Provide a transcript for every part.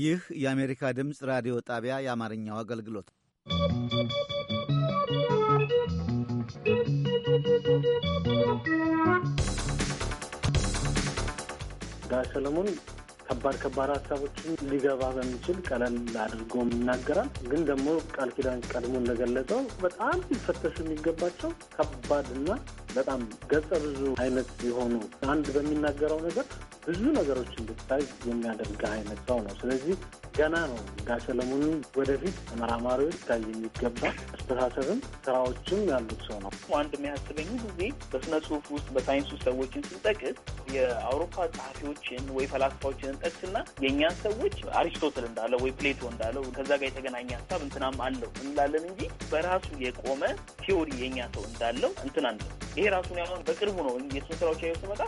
ይህ የአሜሪካ ድምፅ ራዲዮ ጣቢያ የአማርኛው አገልግሎት ጋ ሰለሞን ከባድ ከባድ ሀሳቦችን ሊገባ በሚችል ቀለል አድርጎ ይናገራል። ግን ደግሞ ቃል ኪዳን ቀድሞ እንደገለጸው በጣም ሊፈተሹ የሚገባቸው ከባድና በጣም ገጸ ብዙ አይነት የሆኑ አንድ በሚናገረው ነገር ብዙ ነገሮች እንድታይ የሚያደርግ አይነት ሰው ነው። ስለዚህ ገና ነው። ጋሽ ሰለሞንን ወደፊት ተመራማሪዎች ታይ የሚገባ አስተሳሰብም ስራዎችም ያሉት ሰው ነው። አንድ የሚያስበኝ ጊዜ በስነ ጽሁፍ ውስጥ በሳይንሱ ሰዎችን ስንጠቅስ የአውሮፓ ጸሐፊዎችን ወይ ፈላስፋዎችን እንጠቅስና የእኛን ሰዎች አሪስቶትል እንዳለው ወይ ፕሌቶ እንዳለው ከዛ ጋር የተገናኘ ሀሳብ እንትናም አለው እንላለን እንጂ በራሱ የቆመ ቲዮሪ የእኛ ሰው እንዳለው እንትን አለው። ይሄ ራሱን ያሁን በቅርቡ ነው የስነ ስራዎች ያዩ ስመጣ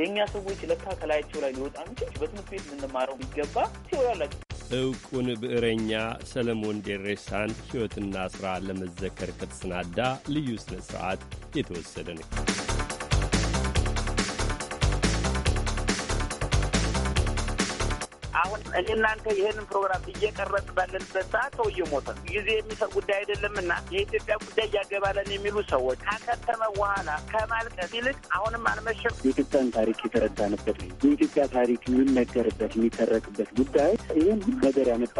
የእኛ ሰዎች ለካ ከላያቸው ላይ ሊወጣ ምችል በትምህርት ቤት ልንማረው ቢገባ ቲዮሪ አላቸው። እውቁን ብዕረኛ ሰለሞን ዴሬሳን ሕይወትና ሥራ ለመዘከር ከተሰናዳ ልዩ ሥነ ሥርዓት የተወሰደ ነው። አሁን እኔ እናንተ ይህንን ፕሮግራም እየቀረጽ ባለንበት ሰዓት ሰው እየሞተ ጊዜ የሚሰው ጉዳይ አይደለም እና የኢትዮጵያ ጉዳይ እያገባለን የሚሉ ሰዎች ካከተመ በኋላ ከማልቀስ ይልቅ አሁንም አልመሸም። የኢትዮጵያን ታሪክ የተረዳንበት የኢትዮጵያ ታሪክ የሚነገርበት የሚተረክበት ጉዳይ ይህን ነገር ያመጣ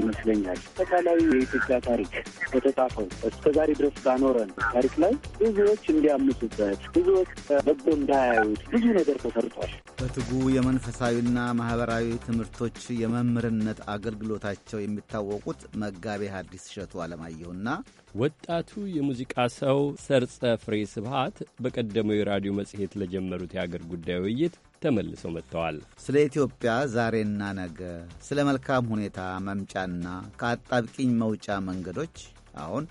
ይመስለኛል። አጠቃላይ የኢትዮጵያ ታሪክ በተጻፈው እስከዛሬ ድረስ ባኖረን ታሪክ ላይ ብዙዎች እንዲያምሱበት ብዙዎች በጎ እንዳያዩት ብዙ ነገር ተሰርቷል። በትጉ የመንፈሳዊና ማህበራዊ ትምህርት ትምህርቶች የመምህርነት አገልግሎታቸው የሚታወቁት መጋቤ ሐዲስ እሸቱ አለማየሁና ወጣቱ የሙዚቃ ሰው ሰርጸ ፍሬ ስብሐት በቀደመው የራዲዮ መጽሔት ለጀመሩት የአገር ጉዳይ ውይይት ተመልሰው መጥተዋል። ስለ ኢትዮጵያ ዛሬና ነገ፣ ስለ መልካም ሁኔታ መምጫና ከአጣብቂኝ መውጫ መንገዶች አሁን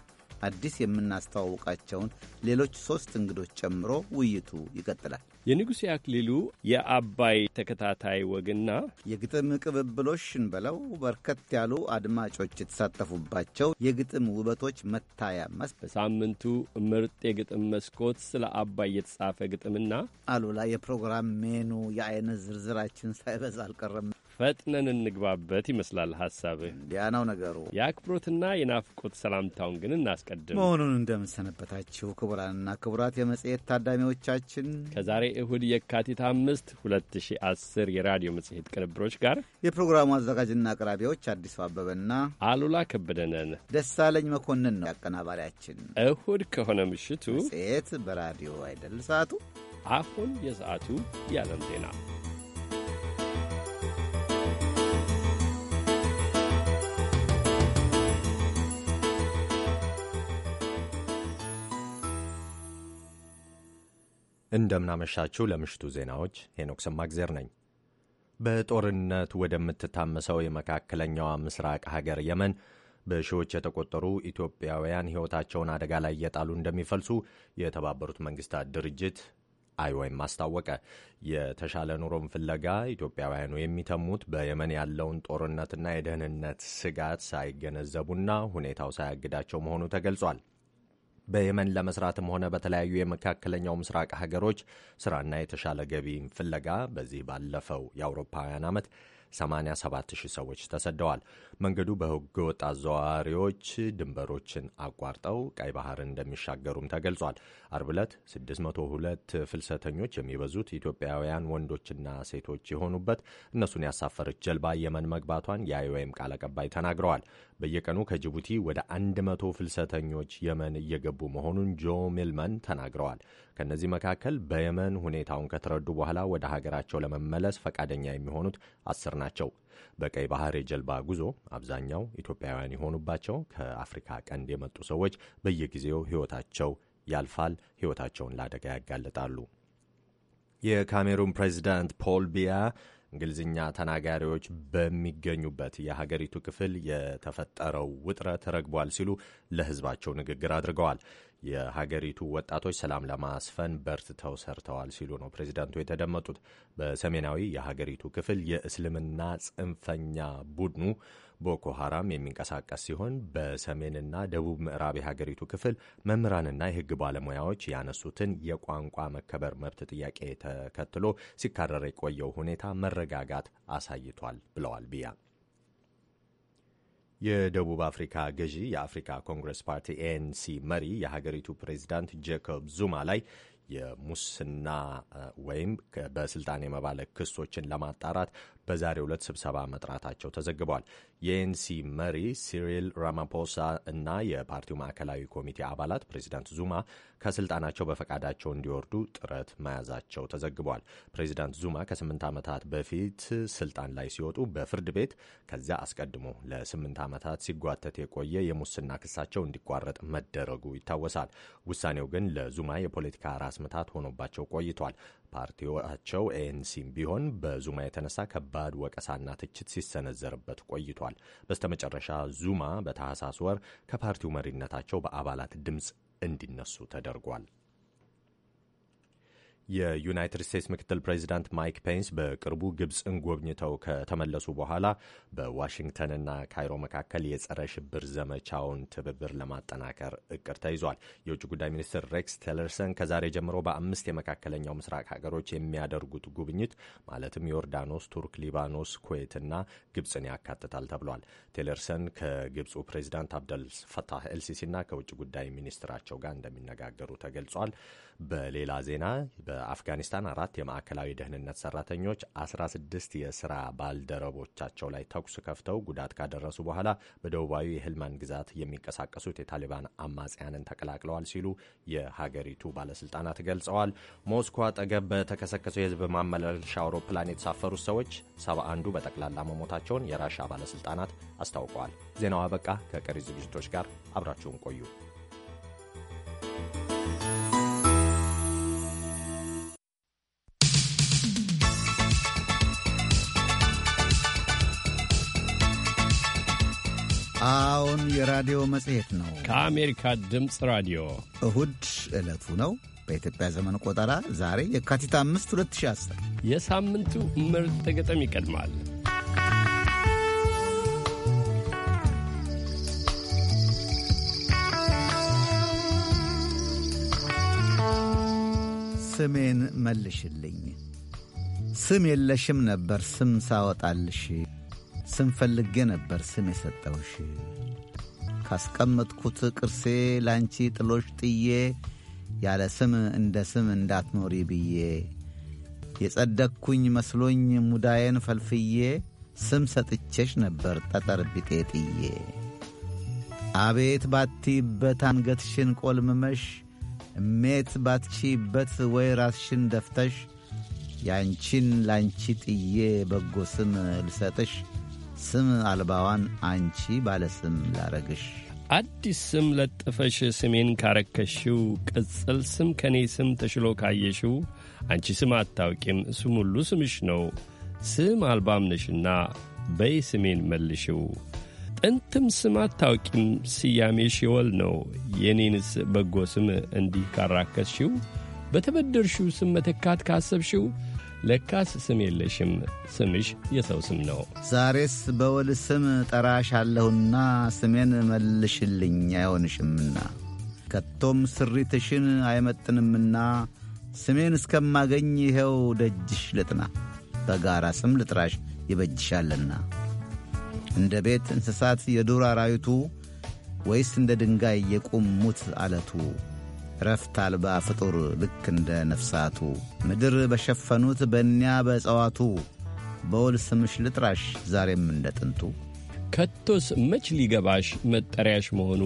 አዲስ የምናስተዋውቃቸውን ሌሎች ሦስት እንግዶች ጨምሮ ውይይቱ ይቀጥላል። የንጉሴ አክሊሉ የአባይ ተከታታይ ወግና የግጥም ቅብብሎሽን በለው በርከት ያሉ አድማጮች የተሳተፉባቸው የግጥም ውበቶች መታያ መስ በሳምንቱ ምርጥ የግጥም መስኮት ስለ አባይ የተጻፈ ግጥምና አሉላ የፕሮግራም ሜኑ የአይነት ዝርዝራችን ሳይበዛ አልቀረም። ፈጥነን እንግባበት ይመስላል ሀሳብህ። ያ ነው ነገሩ። የአክብሮትና የናፍቆት ሰላምታውን ግን እናስቀድም መሆኑን እንደምንሰነበታችሁ ክቡራንና ክቡራት የመጽሔት ታዳሚዎቻችን ከዛሬ እሁድ የካቲት አምስት 2010 የራዲዮ መጽሔት ቅንብሮች ጋር የፕሮግራሙ አዘጋጅና አቅራቢዎች አዲሱ አበበና አሉላ ከበደነን ደሳለኝ መኮንን ነው አቀናባሪያችን። እሁድ ከሆነ ምሽቱ መጽሔት በራዲዮ አይደል ሰዓቱ። አሁን የሰዓቱ የዓለም ዜና እንደምናመሻችሁ ለምሽቱ ዜናዎች ሄኖክ ሰማግዜር ነኝ። በጦርነት ወደምትታመሰው የመካከለኛዋ ምስራቅ ሀገር የመን በሺዎች የተቆጠሩ ኢትዮጵያውያን ሕይወታቸውን አደጋ ላይ እየጣሉ እንደሚፈልሱ የተባበሩት መንግስታት ድርጅት አይወይም አስታወቀ። የተሻለ ኑሮም ፍለጋ ኢትዮጵያውያኑ የሚተሙት በየመን ያለውን ጦርነትና የደህንነት ስጋት ሳይገነዘቡና ሁኔታው ሳያግዳቸው መሆኑ ተገልጿል። በየመን ለመስራትም ሆነ በተለያዩ የመካከለኛው ምስራቅ ሀገሮች ስራና የተሻለ ገቢ ፍለጋ በዚህ ባለፈው የአውሮፓውያን ዓመት 87000 ሰዎች ተሰደዋል። መንገዱ በህገወጥ አዘዋዋሪዎች ድንበሮችን አቋርጠው ቀይ ባህርን እንደሚሻገሩም ተገልጿል። አርብ ዕለት 602 ፍልሰተኞች የሚበዙት ኢትዮጵያውያን ወንዶችና ሴቶች የሆኑበት እነሱን ያሳፈረች ጀልባ የመን መግባቷን የአይኦኤም ቃል አቀባይ ተናግረዋል። በየቀኑ ከጅቡቲ ወደ 100 ፍልሰተኞች የመን እየገቡ መሆኑን ጆ ሚልመን ተናግረዋል። ከእነዚህ መካከል በየመን ሁኔታውን ከተረዱ በኋላ ወደ ሀገራቸው ለመመለስ ፈቃደኛ የሚሆኑት አስር ናቸው። በቀይ ባህር የጀልባ ጉዞ አብዛኛው ኢትዮጵያውያን የሆኑባቸው ከአፍሪካ ቀንድ የመጡ ሰዎች በየጊዜው ሕይወታቸው ያልፋል፣ ሕይወታቸውን ለአደጋ ያጋልጣሉ። የካሜሩን ፕሬዚዳንት ፖል ቢያ እንግሊዝኛ ተናጋሪዎች በሚገኙበት የሀገሪቱ ክፍል የተፈጠረው ውጥረት ረግቧል ሲሉ ለህዝባቸው ንግግር አድርገዋል። የሀገሪቱ ወጣቶች ሰላም ለማስፈን በርትተው ሰርተዋል ሲሉ ነው ፕሬዚዳንቱ የተደመጡት። በሰሜናዊ የሀገሪቱ ክፍል የእስልምና ጽንፈኛ ቡድኑ ቦኮ ሀራም የሚንቀሳቀስ ሲሆን በሰሜንና ደቡብ ምዕራብ የሀገሪቱ ክፍል መምህራንና የሕግ ባለሙያዎች ያነሱትን የቋንቋ መከበር መብት ጥያቄ ተከትሎ ሲካረር የቆየው ሁኔታ መረጋጋት አሳይቷል ብለዋል ቢያ። የደቡብ አፍሪካ ገዢ የአፍሪካ ኮንግረስ ፓርቲ ኤንሲ መሪ የሀገሪቱ ፕሬዚዳንት ጄኮብ ዙማ ላይ የሙስና ወይም በስልጣን የመባለግ ክሶችን ለማጣራት በዛሬው ዕለት ስብሰባ መጥራታቸው ተዘግቧል። የኤንሲ መሪ ሲሪል ራማፖሳ እና የፓርቲው ማዕከላዊ ኮሚቴ አባላት ፕሬዚዳንት ዙማ ከስልጣናቸው በፈቃዳቸው እንዲወርዱ ጥረት መያዛቸው ተዘግቧል። ፕሬዚዳንት ዙማ ከስምንት ዓመታት በፊት ስልጣን ላይ ሲወጡ በፍርድ ቤት ከዚያ አስቀድሞ ለስምንት ዓመታት ሲጓተት የቆየ የሙስና ክሳቸው እንዲቋረጥ መደረጉ ይታወሳል። ውሳኔው ግን ለዙማ የፖለቲካ ራስ ምታት ሆኖባቸው ቆይቷል። ፓርቲዎቻቸው ኤንሲም ቢሆን በዙማ የተነሳ ከባድ ወቀሳና ትችት ሲሰነዘርበት ቆይቷል። በስተመጨረሻ ዙማ በታህሳስ ወር ከፓርቲው መሪነታቸው በአባላት ድምፅ እንዲነሱ ተደርጓል። የዩናይትድ ስቴትስ ምክትል ፕሬዚዳንት ማይክ ፔንስ በቅርቡ ግብፅን ጎብኝተው ከተመለሱ በኋላ በዋሽንግተንና ካይሮ መካከል የጸረ ሽብር ዘመቻውን ትብብር ለማጠናከር እቅድ ተይዟል። የውጭ ጉዳይ ሚኒስትር ሬክስ ቴለርሰን ከዛሬ ጀምሮ በአምስት የመካከለኛው ምስራቅ ሀገሮች የሚያደርጉት ጉብኝት ማለትም ዮርዳኖስ፣ ቱርክ፣ ሊባኖስ፣ ኩዌትና ግብፅን ያካትታል ተብሏል። ቴለርሰን ከግብፁ ፕሬዚዳንት አብደል ፈታህ ኤልሲሲና ከውጭ ጉዳይ ሚኒስትራቸው ጋር እንደሚነጋገሩ ተገልጿል። በሌላ ዜና በአፍጋኒስታን አራት የማዕከላዊ ደህንነት ሰራተኞች 16 የስራ ባልደረቦቻቸው ላይ ተኩስ ከፍተው ጉዳት ካደረሱ በኋላ በደቡባዊ የህልማን ግዛት የሚንቀሳቀሱት የታሊባን አማጽያንን ተቀላቅለዋል ሲሉ የሀገሪቱ ባለስልጣናት ገልጸዋል። ሞስኮ አጠገብ በተከሰከሰው የህዝብ ማመላለሻ አውሮፕላን የተሳፈሩት ሰዎች 71 በጠቅላላ መሞታቸውን የራሻ ባለስልጣናት አስታውቀዋል። ዜናው አበቃ። ከቀሪ ዝግጅቶች ጋር አብራችሁን ቆዩ። የሚቀርበውን የራዲዮ መጽሔት ነው ከአሜሪካ ድምፅ ራዲዮ። እሁድ ዕለቱ ነው በኢትዮጵያ ዘመን ቆጠራ ዛሬ የካቲት 5 2010 የሳምንቱ ምርጥ ግጥም ይቀድማል። ስሜን መልሽልኝ ስም የለሽም ነበር ስም ሳወጣልሽ ስንፈልጌ ነበር ስም የሰጠውሽ ካስቀመጥኩት ቅርሴ ላንቺ ጥሎሽ ጥዬ ያለ ስም እንደ ስም እንዳትኖሪ ብዬ የጸደግኩኝ መስሎኝ ሙዳዬን ፈልፍዬ ስም ሰጥቼሽ ነበር ጠጠር ቢጤ ጥዬ አቤት ባትይበት አንገትሽን ቈልምመሽ እሜት ባትቺበት ወይ ራስሽን ደፍተሽ ያንቺን ላንቺ ጥዬ በጎ ስም ልሰጥሽ ስም አልባዋን አንቺ ባለስም ላረግሽ አዲስ ስም ለጥፈሽ ስሜን ካረከሽው ቅጽል ስም ከእኔ ስም ተሽሎ ካየሽው አንቺ ስም አታውቂም፣ ስም ሁሉ ስምሽ ነው፣ ስም አልባም ነሽና በይ ስሜን መልሽው። ጥንትም ስም አታውቂም፣ ስያሜሽ ሽወል ነው። የኔንስ በጎ ስም እንዲህ ካራከስሽው፣ በተበደርሽው ስም መተካት ካሰብሽው ለካስ ስም የለሽም፣ ስምሽ የሰው ስም ነው። ዛሬስ በወል ስም ጠራሽ አለሁና ስሜን መልሽልኝ አይሆንሽምና ከቶም ስሪትሽን አይመጥንምና ስሜን እስከማገኝ ይኸው ደጅሽ ልጥና በጋራ ስም ልጥራሽ ይበጅሻልና እንደ ቤት እንስሳት የዱር አራዊቱ ወይስ እንደ ድንጋይ የቁም ሙት አለቱ እረፍት አልባ ፍጡር ልክ እንደ ነፍሳቱ ምድር በሸፈኑት በእኒያ በእጸዋቱ በውል ስምሽ ልጥራሽ ዛሬም እንደ ጥንቱ ከቶስ መች ሊገባሽ መጠሪያሽ መሆኑ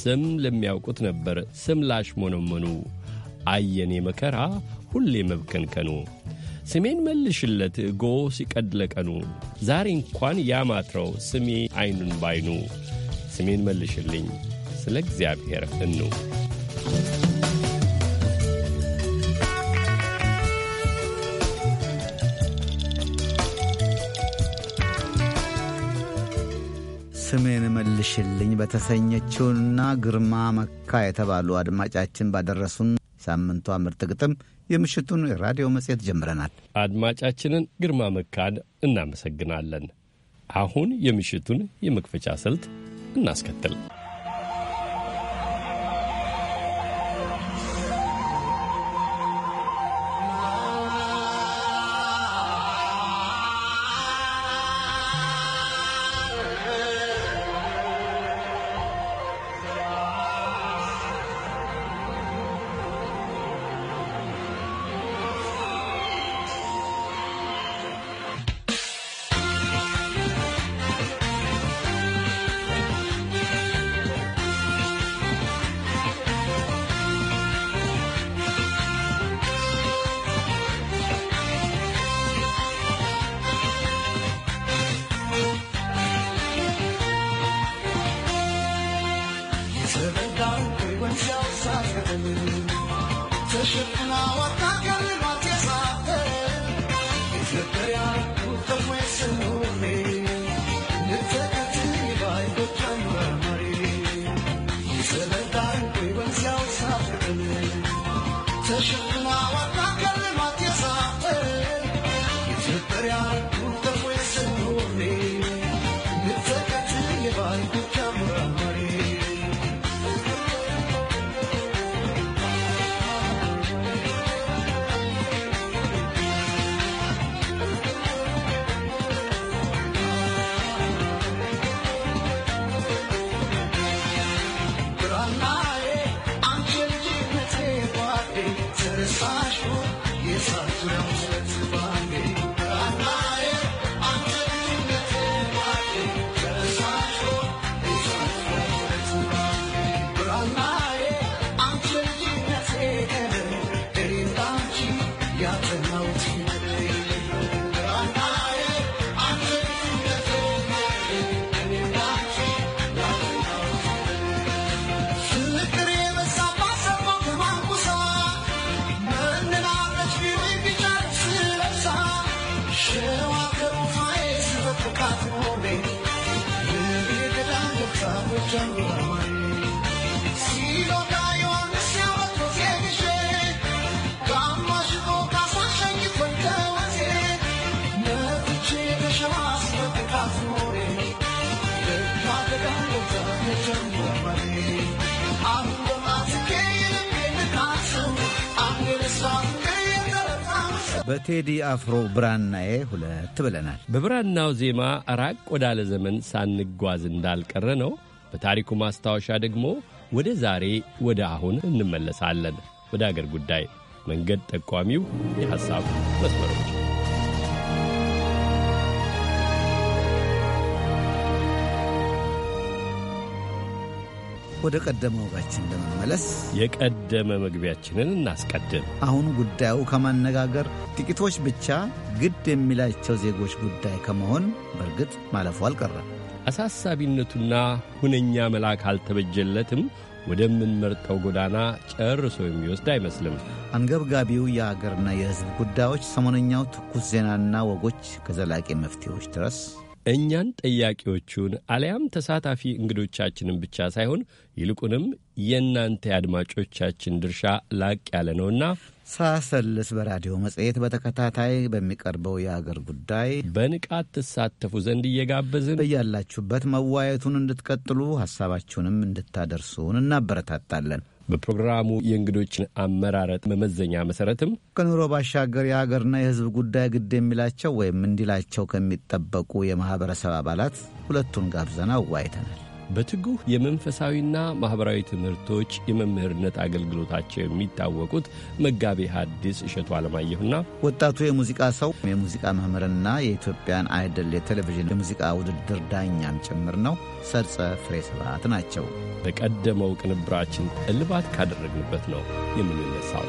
ስም ለሚያውቁት ነበር ስም ላሽ ሞነመኑ አየኔ መከራ ሁሌ መብከንከኑ ስሜን መልሽለት ጎ ሲቀድ ለቀኑ ዛሬ እንኳን ያማትረው ስሜ አይኑን ባይኑ ስሜን መልሽልኝ ስለ እግዚአብሔር እኑ ስሜን መልሽልኝ በተሰኘችውና ግርማ መካ የተባሉ አድማጫችን ባደረሱን ሳምንቷ ምርጥ ግጥም የምሽቱን የራዲዮ መጽሔት ጀምረናል። አድማጫችንን ግርማ መካን እናመሰግናለን። አሁን የምሽቱን የመክፈቻ ስልት እናስከትል። በቴዲ አፍሮ ብራናዬ ሁለት ብለናል። በብራናው ዜማ ራቅ ወዳለ ዘመን ሳንጓዝ እንዳልቀረ ነው። በታሪኩ ማስታወሻ ደግሞ ወደ ዛሬ ወደ አሁን እንመለሳለን። ወደ አገር ጉዳይ መንገድ ጠቋሚው የሐሳብ መስመሮች ወደ ቀደመ ወጋችን ለመመለስ የቀደመ መግቢያችንን እናስቀድም። አሁን ጉዳዩ ከማነጋገር ጥቂቶች ብቻ ግድ የሚላቸው ዜጎች ጉዳይ ከመሆን በእርግጥ ማለፉ አልቀረም። አሳሳቢነቱና ሁነኛ መልአክ አልተበጀለትም ወደምንመርጠው ጎዳና ጨርሶ የሚወስድ አይመስልም። አንገብጋቢው የአገርና የሕዝብ ጉዳዮች፣ ሰሞነኛው ትኩስ ዜናና ወጎች ከዘላቂ መፍትሄዎች ድረስ እኛን ጠያቂዎቹን አሊያም ተሳታፊ እንግዶቻችንን ብቻ ሳይሆን ይልቁንም የእናንተ የአድማጮቻችን ድርሻ ላቅ ያለ ነውና ሳሰልስ በራዲዮ መጽሔት በተከታታይ በሚቀርበው የአገር ጉዳይ በንቃት ትሳተፉ ዘንድ እየጋበዝን በያላችሁበት መዋየቱን እንድትቀጥሉ ሀሳባችሁንም እንድታደርሱን እናበረታታለን። በፕሮግራሙ የእንግዶችን አመራረጥ መመዘኛ መሰረትም ከኑሮ ባሻገር የሀገርና የሕዝብ ጉዳይ ግድ የሚላቸው ወይም እንዲላቸው ከሚጠበቁ የማህበረሰብ አባላት ሁለቱን ጋብዘን አዋይተናል። በትጉህ የመንፈሳዊና ማኅበራዊ ትምህርቶች የመምህርነት አገልግሎታቸው የሚታወቁት መጋቤ ሐዲስ እሸቱ አለማየሁና ወጣቱ የሙዚቃ ሰው የሙዚቃ መምህርና የኢትዮጵያን አይደል የቴሌቪዥን የሙዚቃ ውድድር ዳኛም ጭምር ነው ሰርጸ ፍሬ ስብሐት ናቸው። በቀደመው ቅንብራችን እልባት ካደረግንበት ነው የምንነሳው።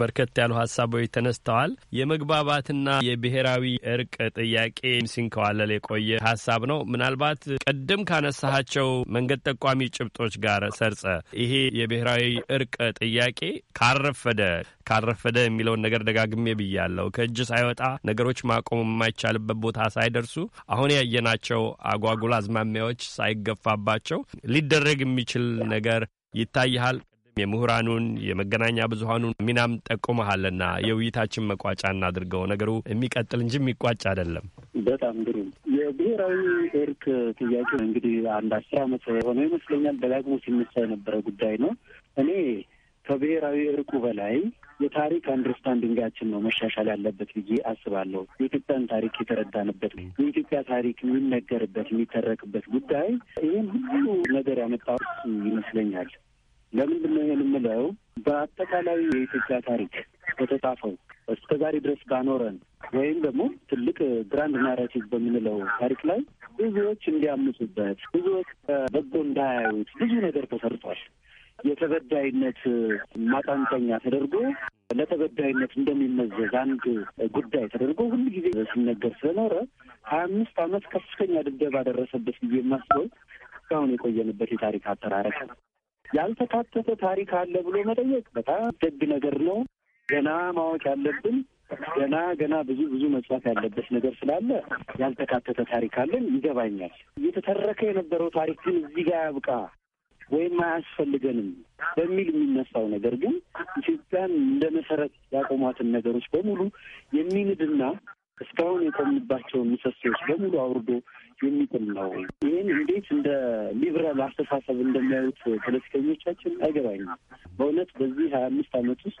በርከት ያሉ ሀሳቦች ተነስተዋል። የመግባባትና የብሔራዊ እርቅ ጥያቄ ሲንከዋለል የቆየ ሀሳብ ነው። ምናልባት ቀደም ካነሳሃቸው መንገድ ጠቋሚ ጭብጦች ጋር ሰርጸ ይሄ የብሔራዊ እርቅ ጥያቄ ካረፈደ ካረፈደ የሚለውን ነገር ደጋግሜ ብያለሁ። ከእጅ ሳይወጣ ነገሮች ማቆም የማይቻልበት ቦታ ሳይደርሱ አሁን ያየናቸው አጓጉል አዝማሚያዎች ሳይገፋባቸው ሊደረግ የሚችል ነገር ይታይሃል። የምሁራኑን የመገናኛ ብዙሀኑን ሚናም ጠቁመሃልና የውይይታችን መቋጫ እናድርገው። ነገሩ የሚቀጥል እንጂ የሚቋጭ አይደለም። በጣም ግሩም የብሔራዊ እርቅ ጥያቄ እንግዲህ አንድ አስር ዓመት የሆነ ይመስለኛል ደጋግሞ ሲነሳ የነበረ ጉዳይ ነው። እኔ ከብሔራዊ እርቁ በላይ የታሪክ አንደርስታንዲንጋችን ነው መሻሻል ያለበት ብዬ አስባለሁ። የኢትዮጵያን ታሪክ የተረዳንበት የኢትዮጵያ ታሪክ የሚነገርበት የሚተረክበት ጉዳይ ይህን ሁሉ ነገር ያመጣው ይመስለኛል። ለምንድን ነው ይሄን የምለው? በአጠቃላይ የኢትዮጵያ ታሪክ በተጻፈው እስከ ዛሬ ድረስ ባኖረን ወይም ደግሞ ትልቅ ግራንድ ናራቲቭ በምንለው ታሪክ ላይ ብዙዎች እንዲያምፁበት፣ ብዙዎች በጎ እንዳያዩት ብዙ ነገር ተሰርቷል። የተበዳይነት ማጣንጠኛ ተደርጎ ለተበዳይነት እንደሚመዘዝ አንድ ጉዳይ ተደርጎ ሁሉ ጊዜ ሲነገር ስለኖረ ሀያ አምስት ዓመት ከፍተኛ ድብደባ ደረሰበት ጊዜ የማስበው እስካሁን የቆየንበት የታሪክ አጠራረቅ ነው። ያልተካተተ ታሪክ አለ ብሎ መጠየቅ በጣም ደግ ነገር ነው። ገና ማወቅ ያለብን ገና ገና ብዙ ብዙ መጽዋት ያለበት ነገር ስላለ ያልተካተተ ታሪክ አለን ይገባኛል። እየተተረከ የነበረው ታሪክ ግን እዚህ ጋር ያብቃ ወይም አያስፈልገንም በሚል የሚነሳው ነገር ግን ኢትዮጵያን እንደ መሰረት ያቆሟትን ነገሮች በሙሉ የሚንድና እስካሁን የቆምባቸውን ምሰሶዎች በሙሉ አውርዶ የሚጥል ነው። ይህን እንዴት እንደ ሊብራል አስተሳሰብ እንደሚያዩት ፖለቲከኞቻችን አይገባኝም። በእውነት በዚህ ሀያ አምስት አመት ውስጥ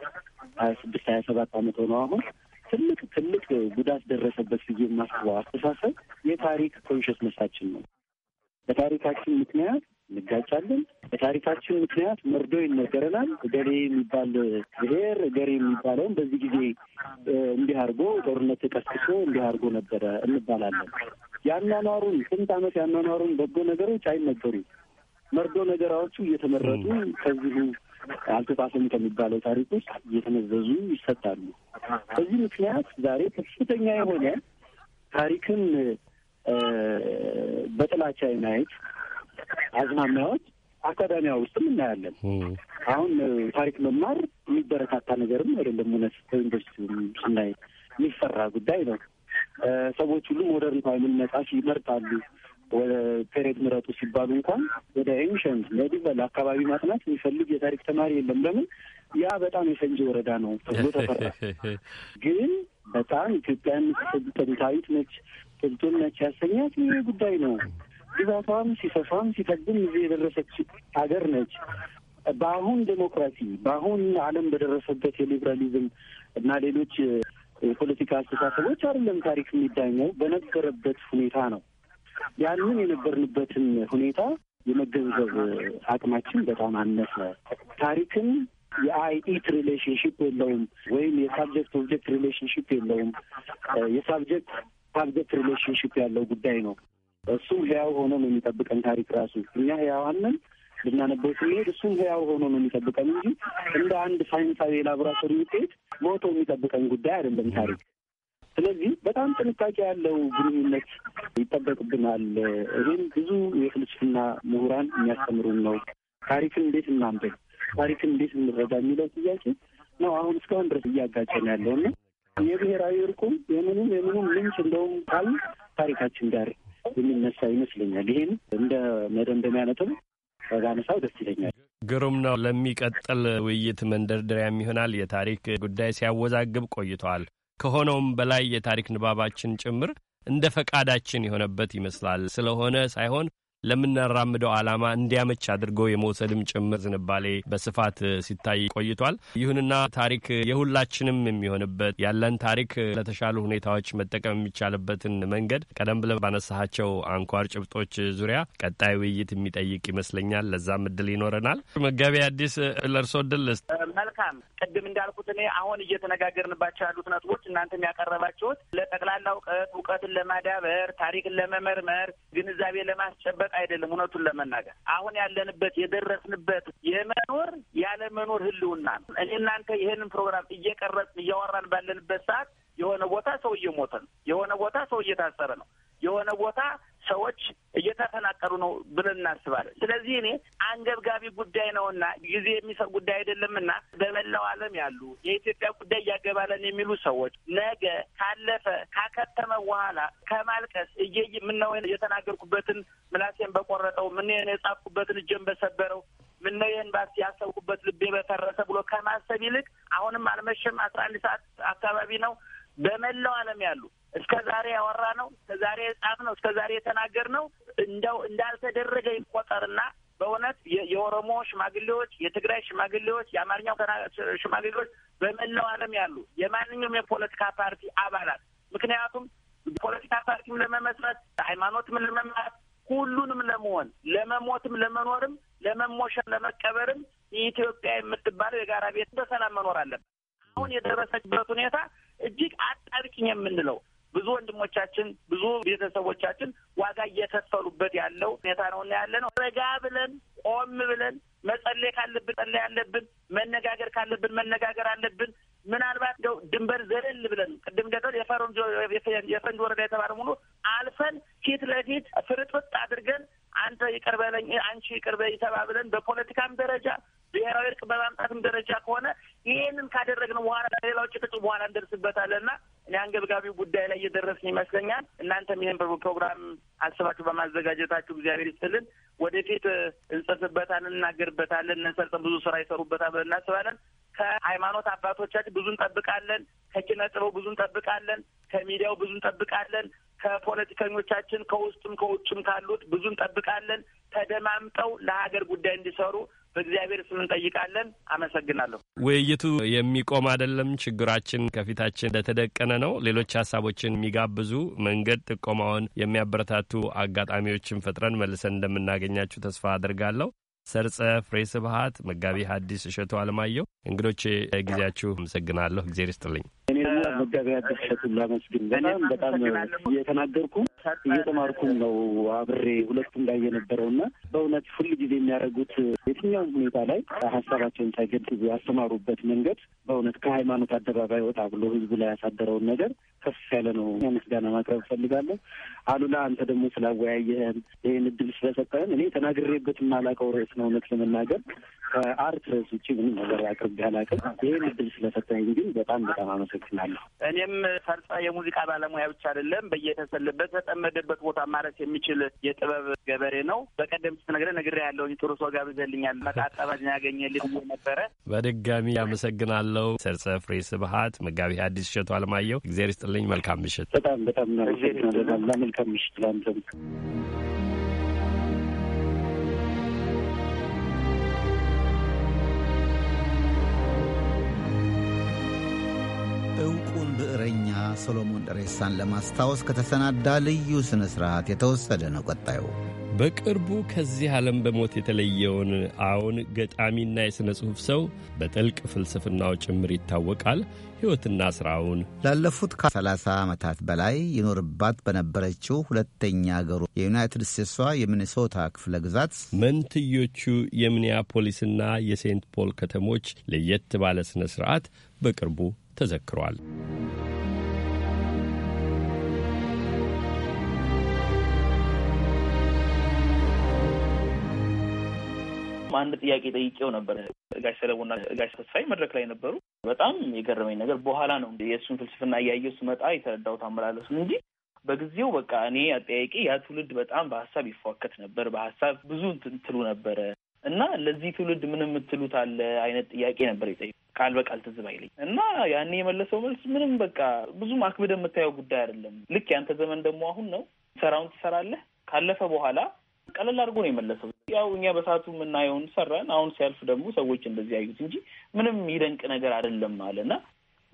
ሀያ ስድስት ሀያ ሰባት ዓመት ሆነው አሁን ትልቅ ትልቅ ጉዳት ደረሰበት ብዬ የማስበው አስተሳሰብ የታሪክ ኮንሽስነሳችን ነው። በታሪካችን ምክንያት እንጋጫለን። በታሪካችን ምክንያት መርዶ ይነገረናል። እገሌ የሚባል ብሔር እገሌ የሚባለውን በዚህ ጊዜ እንዲህ አድርጎ ጦርነት ተቀስቅሶ እንዲህ አድርጎ ነበረ እንባላለን። ያኗኗሩን ስንት ዓመት ያኗኗሩን በጎ ነገሮች አይነገሩም። መርዶ ነገራዎቹ እየተመረጡ ከዚሁ አልተጻፈም ከሚባለው ታሪክ ውስጥ እየተመዘዙ ይሰጣሉ። በዚህ ምክንያት ዛሬ ከፍተኛ የሆነ ታሪክን በጥላቻ የማየት አዝማሚያዎች አካዳሚያ ውስጥም እናያለን። አሁን ታሪክ መማር የሚበረታታ ነገርም አይደለም። እውነት ከዩኒቨርሲቲው ስናይ የሚፈራ ጉዳይ ነው። ሰዎች ሁሉ ሞደርን ታይምን መጽሐፍ ይመርጣሉ። ወደ ፔሬድ ምረጡ ሲባሉ እንኳን ወደ ኤንሸንት ሜዲቨል አካባቢ ማጥናት የሚፈልግ የታሪክ ተማሪ የለም። ለምን? ያ በጣም የፈንጂ ወረዳ ነው ተብሎ ተፈራ። ግን በጣም ኢትዮጵያን ጥንታዊት ነች፣ ጥንቱን ነች ያሰኛት ይሄ ጉዳይ ነው። ግዛቷም ሲሰፋም ሲጠግም እዚህ የደረሰች ሀገር ነች። በአሁን ዴሞክራሲ በአሁን ዓለም በደረሰበት የሊብራሊዝም እና ሌሎች የፖለቲካ አስተሳሰቦች አይደለም ታሪክ የሚዳኘው በነበረበት ሁኔታ ነው። ያንን የነበርንበትን ሁኔታ የመገንዘብ አቅማችን በጣም አነሰ። ታሪክን የአይኢት ሪሌሽንሽፕ የለውም ወይም የሳብጀክት ኦብጀክት ሪሌሽንሽፕ የለውም። የሳብጀክት ሳብጀክት ሪሌሽንሽፕ ያለው ጉዳይ ነው። እሱ ህያው ሆኖ ነው የሚጠብቀን ታሪክ ራሱ እኛ ህያዋንን ልናነበው ስንሄድ እሱም ህያው ሆኖ ነው የሚጠብቀን እንጂ እንደ አንድ ሳይንሳዊ የላቦራቶሪ ውጤት ሞቶ የሚጠብቀን ጉዳይ አይደለም ታሪክ። ስለዚህ በጣም ጥንቃቄ ያለው ግንኙነት ይጠበቅብናል። ይህም ብዙ የፍልስፍና ምሁራን የሚያስተምሩን ነው። ታሪክን እንዴት እናንበብ፣ ታሪክን እንዴት እንረዳ የሚለው ጥያቄ ነው አሁን እስካሁን ድረስ እያጋጨን ያለው እና የብሔራዊ እርቁም የምኑም የምኑም ምንጭ እንደውም ካል ታሪካችን ጋር የሚነሳ ይመስለኛል። ይህን እንደ መደምደሚያ ነጥብ ባነሳው ደስ ይለኛል። ግሩም ነው። ለሚቀጥል ውይይት መንደርደሪያም ይሆናል። የታሪክ ጉዳይ ሲያወዛግብ ቆይተዋል። ከሆነውም በላይ የታሪክ ንባባችን ጭምር እንደ ፈቃዳችን የሆነበት ይመስላል ስለሆነ ሳይሆን ለምናራምደው ዓላማ እንዲያመች አድርጎ የመውሰድም ጭምር ዝንባሌ በስፋት ሲታይ ቆይቷል። ይሁንና ታሪክ የሁላችንም የሚሆንበት ያለን ታሪክ ለተሻሉ ሁኔታዎች መጠቀም የሚቻልበትን መንገድ ቀደም ብለን ባነሳቸው አንኳር ጭብጦች ዙሪያ ቀጣይ ውይይት የሚጠይቅ ይመስለኛል። ለዛም እድል ይኖረናል። መጋቤ አዲስ ለእርሶ እድል ስ መልካም ቅድም እንዳልኩት እኔ አሁን እየተነጋገርንባቸው ያሉት ነጥቦች እናንተም ያቀረባችሁት ለጠቅላላ እውቀት እውቀትን ለማዳበር ታሪክን ለመመርመር ግንዛቤ ለማስጨበር የሚሰጥ አይደለም። እውነቱን ለመናገር አሁን ያለንበት የደረስንበት የመኖር ያለመኖር ህልውና ነው። እኔ እናንተ ይህንን ፕሮግራም እየቀረጽን እያወራን ባለንበት ሰዓት የሆነ ቦታ ሰው እየሞተ ነው። የሆነ ቦታ ሰው እየታሰረ ነው። የሆነ ቦታ ሰዎች እየተፈናቀሉ ነው ብለን እናስባለን። ስለዚህ እኔ አንገብጋቢ ጉዳይ ነውና ጊዜ የሚሰጥ ጉዳይ አይደለምና በመላው ዓለም ያሉ የኢትዮጵያ ጉዳይ እያገባለን የሚሉ ሰዎች ነገ ካለፈ ካከተመ በኋላ ከማልቀስ እየ ምነው የተናገርኩበትን ምላሴን በቆረጠው ምን የጻፍኩበትን እጄን በሰበረው ምነው ይህን ባስ ያሰብኩበት ልቤ በፈረሰ ብሎ ከማሰብ ይልቅ አሁንም አልመሸም አስራ አንድ ሰዓት አካባቢ ነው በመላው ዓለም ያሉ እስከ ዛሬ ያወራ ነው፣ እስከ ዛሬ የጻፍ ነው፣ እስከ ዛሬ የተናገር ነው እንደው እንዳልተደረገ ይቆጠርና በእውነት የኦሮሞ ሽማግሌዎች፣ የትግራይ ሽማግሌዎች፣ የአማርኛው ሽማግሌዎች በመላው ዓለም ያሉ የማንኛውም የፖለቲካ ፓርቲ አባላት ምክንያቱም ፖለቲካ ፓርቲም ለመመስረት ሃይማኖትም ለመምራት ሁሉንም ለመሆን ለመሞትም ለመኖርም ለመሞሸን ለመቀበርም የኢትዮጵያ የምትባለው የጋራ ቤት በሰላም መኖር አለበት። አሁን የደረሰችበት ሁኔታ እጅግ አጣብቂኝ የምንለው ብዙ ወንድሞቻችን ብዙ ቤተሰቦቻችን ዋጋ እየከፈሉበት ያለው ሁኔታ ነው እና ያለ ነው። ረጋ ብለን ቆም ብለን መጸለይ ካለብን ጸለይ አለብን። መነጋገር ካለብን መነጋገር አለብን። ምናልባት ው ድንበር ዘለል ብለን ቅድም እንደቀል የፈረንጅ ወረዳ የተባለ ሆኖ አልፈን ፊት ለፊት ፍርጥጥ አድርገን አንተ ይቅርበለኝ አንቺ ይቅርበ በይ ተባብለን በፖለቲካም ደረጃ ብሔራዊ እርቅ በማምጣትም ደረጃ ከሆነ ይህንን ካደረግን በኋላ ለሌላው ጭቅጭቅ በኋላ እንደርስበታለንና እኔ አንገብጋቢው ጉዳይ ላይ እየደረስን ይመስለኛል። እናንተም ይህን ፕሮግራም አስባችሁ በማዘጋጀታችሁ እግዚአብሔር ይስጥልን። ወደፊት እንጽፍበታለን፣ እናገርበታለን። እነሰርጸ ብዙ ስራ ይሰሩበታል ብለን እናስባለን። ከሃይማኖት አባቶቻችን ብዙ እንጠብቃለን። ከኪነ ጥበቡ ብዙ እንጠብቃለን። ከሚዲያው ብዙ እንጠብቃለን። ከፖለቲከኞቻችን ከውስጥም ከውጭም ካሉት ብዙ እንጠብቃለን። ተደማምጠው ለሀገር ጉዳይ እንዲሰሩ በእግዚአብሔር ስም እንጠይቃለን። አመሰግናለሁ። ውይይቱ የሚቆም አይደለም። ችግራችን ከፊታችን እንደተደቀነ ነው። ሌሎች ሀሳቦችን የሚጋብዙ መንገድ ጥቆማውን የሚያበረታቱ አጋጣሚዎችን ፈጥረን መልሰን እንደምናገኛችሁ ተስፋ አድርጋለሁ። ሰርጸ ፍሬ ስብሀት፣ መጋቢ ሐዲስ እሸቱ አለማየሁ እንግዶቼ ጊዜያችሁ አመሰግናለሁ። እግዜር ይስጥልኝ። ሁለተኛ መጋቢያ ድርሸቱን ላመስግን። በጣም በጣም እየተናገርኩ እየተማርኩም ነው አብሬ ሁለቱም ላይ የነበረው እና በእውነት ሁል ጊዜ የሚያደርጉት የትኛውም ሁኔታ ላይ ሀሳባቸውን ሳይገድቡ ያስተማሩበት መንገድ በእውነት ከሃይማኖት አደባባይ ወጣ ብሎ ህዝቡ ላይ ያሳደረውን ነገር ከፍ ያለ ነው። ምስጋና ማቅረብ እፈልጋለሁ። አሉላ አንተ ደግሞ ስላወያየህን ይህን እድል ስለሰጠህን እኔ ተናግሬበት የማላውቀው ርዕስ ነው እውነት ለመናገር ከአርት ርዕስ ውጭ ምንም ነገር አቅርቤ አላውቅም። ይህን እድል ስለሰጠኝ ግን በጣም በጣም አመሰግናለሁ። አመሰግናለሁ። እኔም ፈርጻ የሙዚቃ ባለሙያ ብቻ አይደለም፣ በየተሰለበት ተጠመደበት ቦታ ማረስ የሚችል የጥበብ ገበሬ ነው። በቀደም ስትነግረህ ነግሬ ያለው ጥሩ ሰው ጋብዘልኛል መጣጠባ ያገኘ ብዬ ነበረ። በድጋሚ አመሰግናለሁ። ሰርጸ ፍሬ ስብሀት መጋቢ አዲስ እሸቱ አለማየሁ፣ እግዜር ይስጥልኝ። መልካም ምሽት። በጣም በጣም መልካም ምሽት ላንተም ብዕረኛ ሶሎሞን ደሬሳን ለማስታወስ ከተሰናዳ ልዩ ሥነ ሥርዓት የተወሰደ ነው። ቀጣዩ በቅርቡ ከዚህ ዓለም በሞት የተለየውን አዎን ገጣሚና የሥነ ጽሑፍ ሰው በጥልቅ ፍልስፍናው ጭምር ይታወቃል። ሕይወትና ሥራውን ላለፉት ከ30 ዓመታት በላይ ይኖርባት በነበረችው ሁለተኛ አገሩ የዩናይትድ ስቴትሷ የሚኒሶታ ክፍለ ግዛት መንትዮቹ የሚኒያፖሊስና የሴንት ፖል ከተሞች ለየት ባለ ሥነ ሥርዓት በቅርቡ ተዘክሯል። አንድ ጥያቄ ጠይቄው ነበር። ጋሽ ሰለሞንና ጋሽ ተስፋይ መድረክ ላይ ነበሩ። በጣም የገረመኝ ነገር በኋላ ነው የእሱን ፍልስፍና እያየሁ ስመጣ የተረዳሁት አመላለሱ እንጂ በጊዜው በቃ እኔ አጠያቂ ያ ትውልድ በጣም በሀሳብ ይፏከት ነበር። በሀሳብ ብዙ ትሉ ነበረ። እና ለዚህ ትውልድ ምን የምትሉት አለ አይነት ጥያቄ ነበር የጠየቁ ቃል በቃል ትዝ ባይለኝ እና ያኔ የመለሰው መልስ ምንም በቃ ብዙም አክብደ የምታየው ጉዳይ አይደለም። ልክ ያንተ ዘመን ደግሞ አሁን ነው፣ ሰራውን ትሰራለህ። ካለፈ በኋላ ቀለል አድርጎ ነው የመለሰው። ያው እኛ በሰዓቱ የምናየውን ሰራን። አሁን ሲያልፍ ደግሞ ሰዎች እንደዚህ ያዩት እንጂ ምንም ይደንቅ ነገር አይደለም አለ እና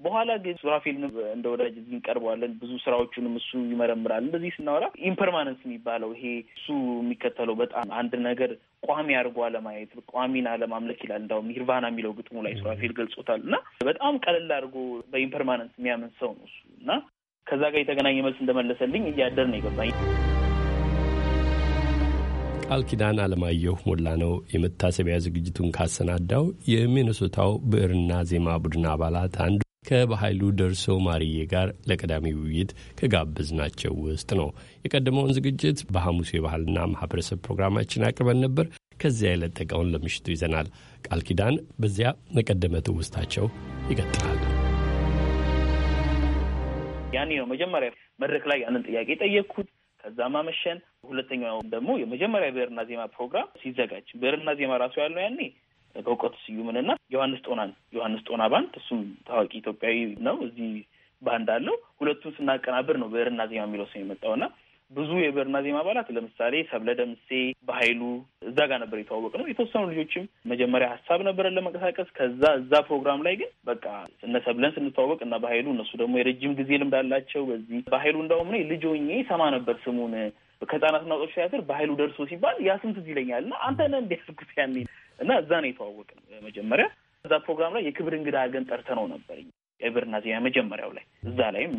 በኋላ ግን ሱራፌልን እንደ ወዳጅ እንቀርበዋለን። ብዙ ስራዎቹንም እሱ ይመረምራል። እንደዚህ ስናወራ ኢምፐርማነንስ የሚባለው ይሄ እሱ የሚከተለው በጣም አንድ ነገር ቋሚ አድርጎ አለማየት ቋሚን አለማምለክ ይላል። እንዳውም ኒርቫና የሚለው ግጥሙ ላይ ሱራፌል ገልጾታል። እና በጣም ቀለል አድርጎ በኢምፐርማነንስ የሚያምን ሰው ነው እሱ እና ከዛ ጋር የተገናኘ መልስ እንደመለሰልኝ እያደር ነው የገባኝ። ቃል ኪዳን አለማየሁ ሞላ ነው የመታሰቢያ ዝግጅቱን ካሰናዳው የሚኒሶታው ብዕርና ዜማ ቡድን አባላት አንዱ ከባህሉ ደርሶ ማርዬ ጋር ለቀዳሚ ውይይት ከጋበዝናቸው ውስጥ ነው። የቀደመውን ዝግጅት በሐሙስ የባህልና ማህበረሰብ ፕሮግራማችን አቅርበን ነበር። ከዚያ የለጠቀውን ለምሽቱ ይዘናል። ቃል ኪዳን በዚያ መቀደመ ትውስታቸው ይቀጥላል። ያኔ ነው መጀመሪያ መድረክ ላይ ያንን ጥያቄ ጠየቅኩት። ከዛ ማመሸን ሁለተኛው ደግሞ የመጀመሪያ ብሔርና ዜማ ፕሮግራም ሲዘጋጅ ብሔርና ዜማ ራሱ ያለው ያኔ በእውቀቱ ስዩምን እና ዮሐንስ ጦናን ዮሐንስ ጦና ባንድ እሱም ታዋቂ ኢትዮጵያዊ ነው። እዚህ ባንድ አለው። ሁለቱን ስናቀናብር ነው ብዕርና ዜማ የሚለው ስም የመጣው እና ብዙ የብዕርና ዜማ አባላት ለምሳሌ ሰብለ ደምሴ፣ በሀይሉ እዛ ጋር ነበር የተዋወቅ ነው። የተወሰኑ ልጆችም መጀመሪያ ሀሳብ ነበረን ለመንቀሳቀስ። ከዛ እዛ ፕሮግራም ላይ ግን በቃ እነ ሰብለን ስንተዋወቅ እና በሀይሉ እነሱ ደግሞ የረጅም ጊዜ ልምድ አላቸው። በዚህ በሀይሉ እንዳውም እኔ ልጅ ሆኜ ሰማ ነበር ስሙን ከህጻናት ናውጦች ቲያትር በሀይሉ ደርሶ ሲባል ያ ስም ትዝ ይለኛል እና አንተ ነህ እንዲያስጉት ያኔ እና እዛ ነው የተዋወቅን መጀመሪያ። እዛ ፕሮግራም ላይ የክብር እንግዳ አድርገን ጠርተነው ነበር። የብርና ዜና መጀመሪያው ላይ እዛ ላይም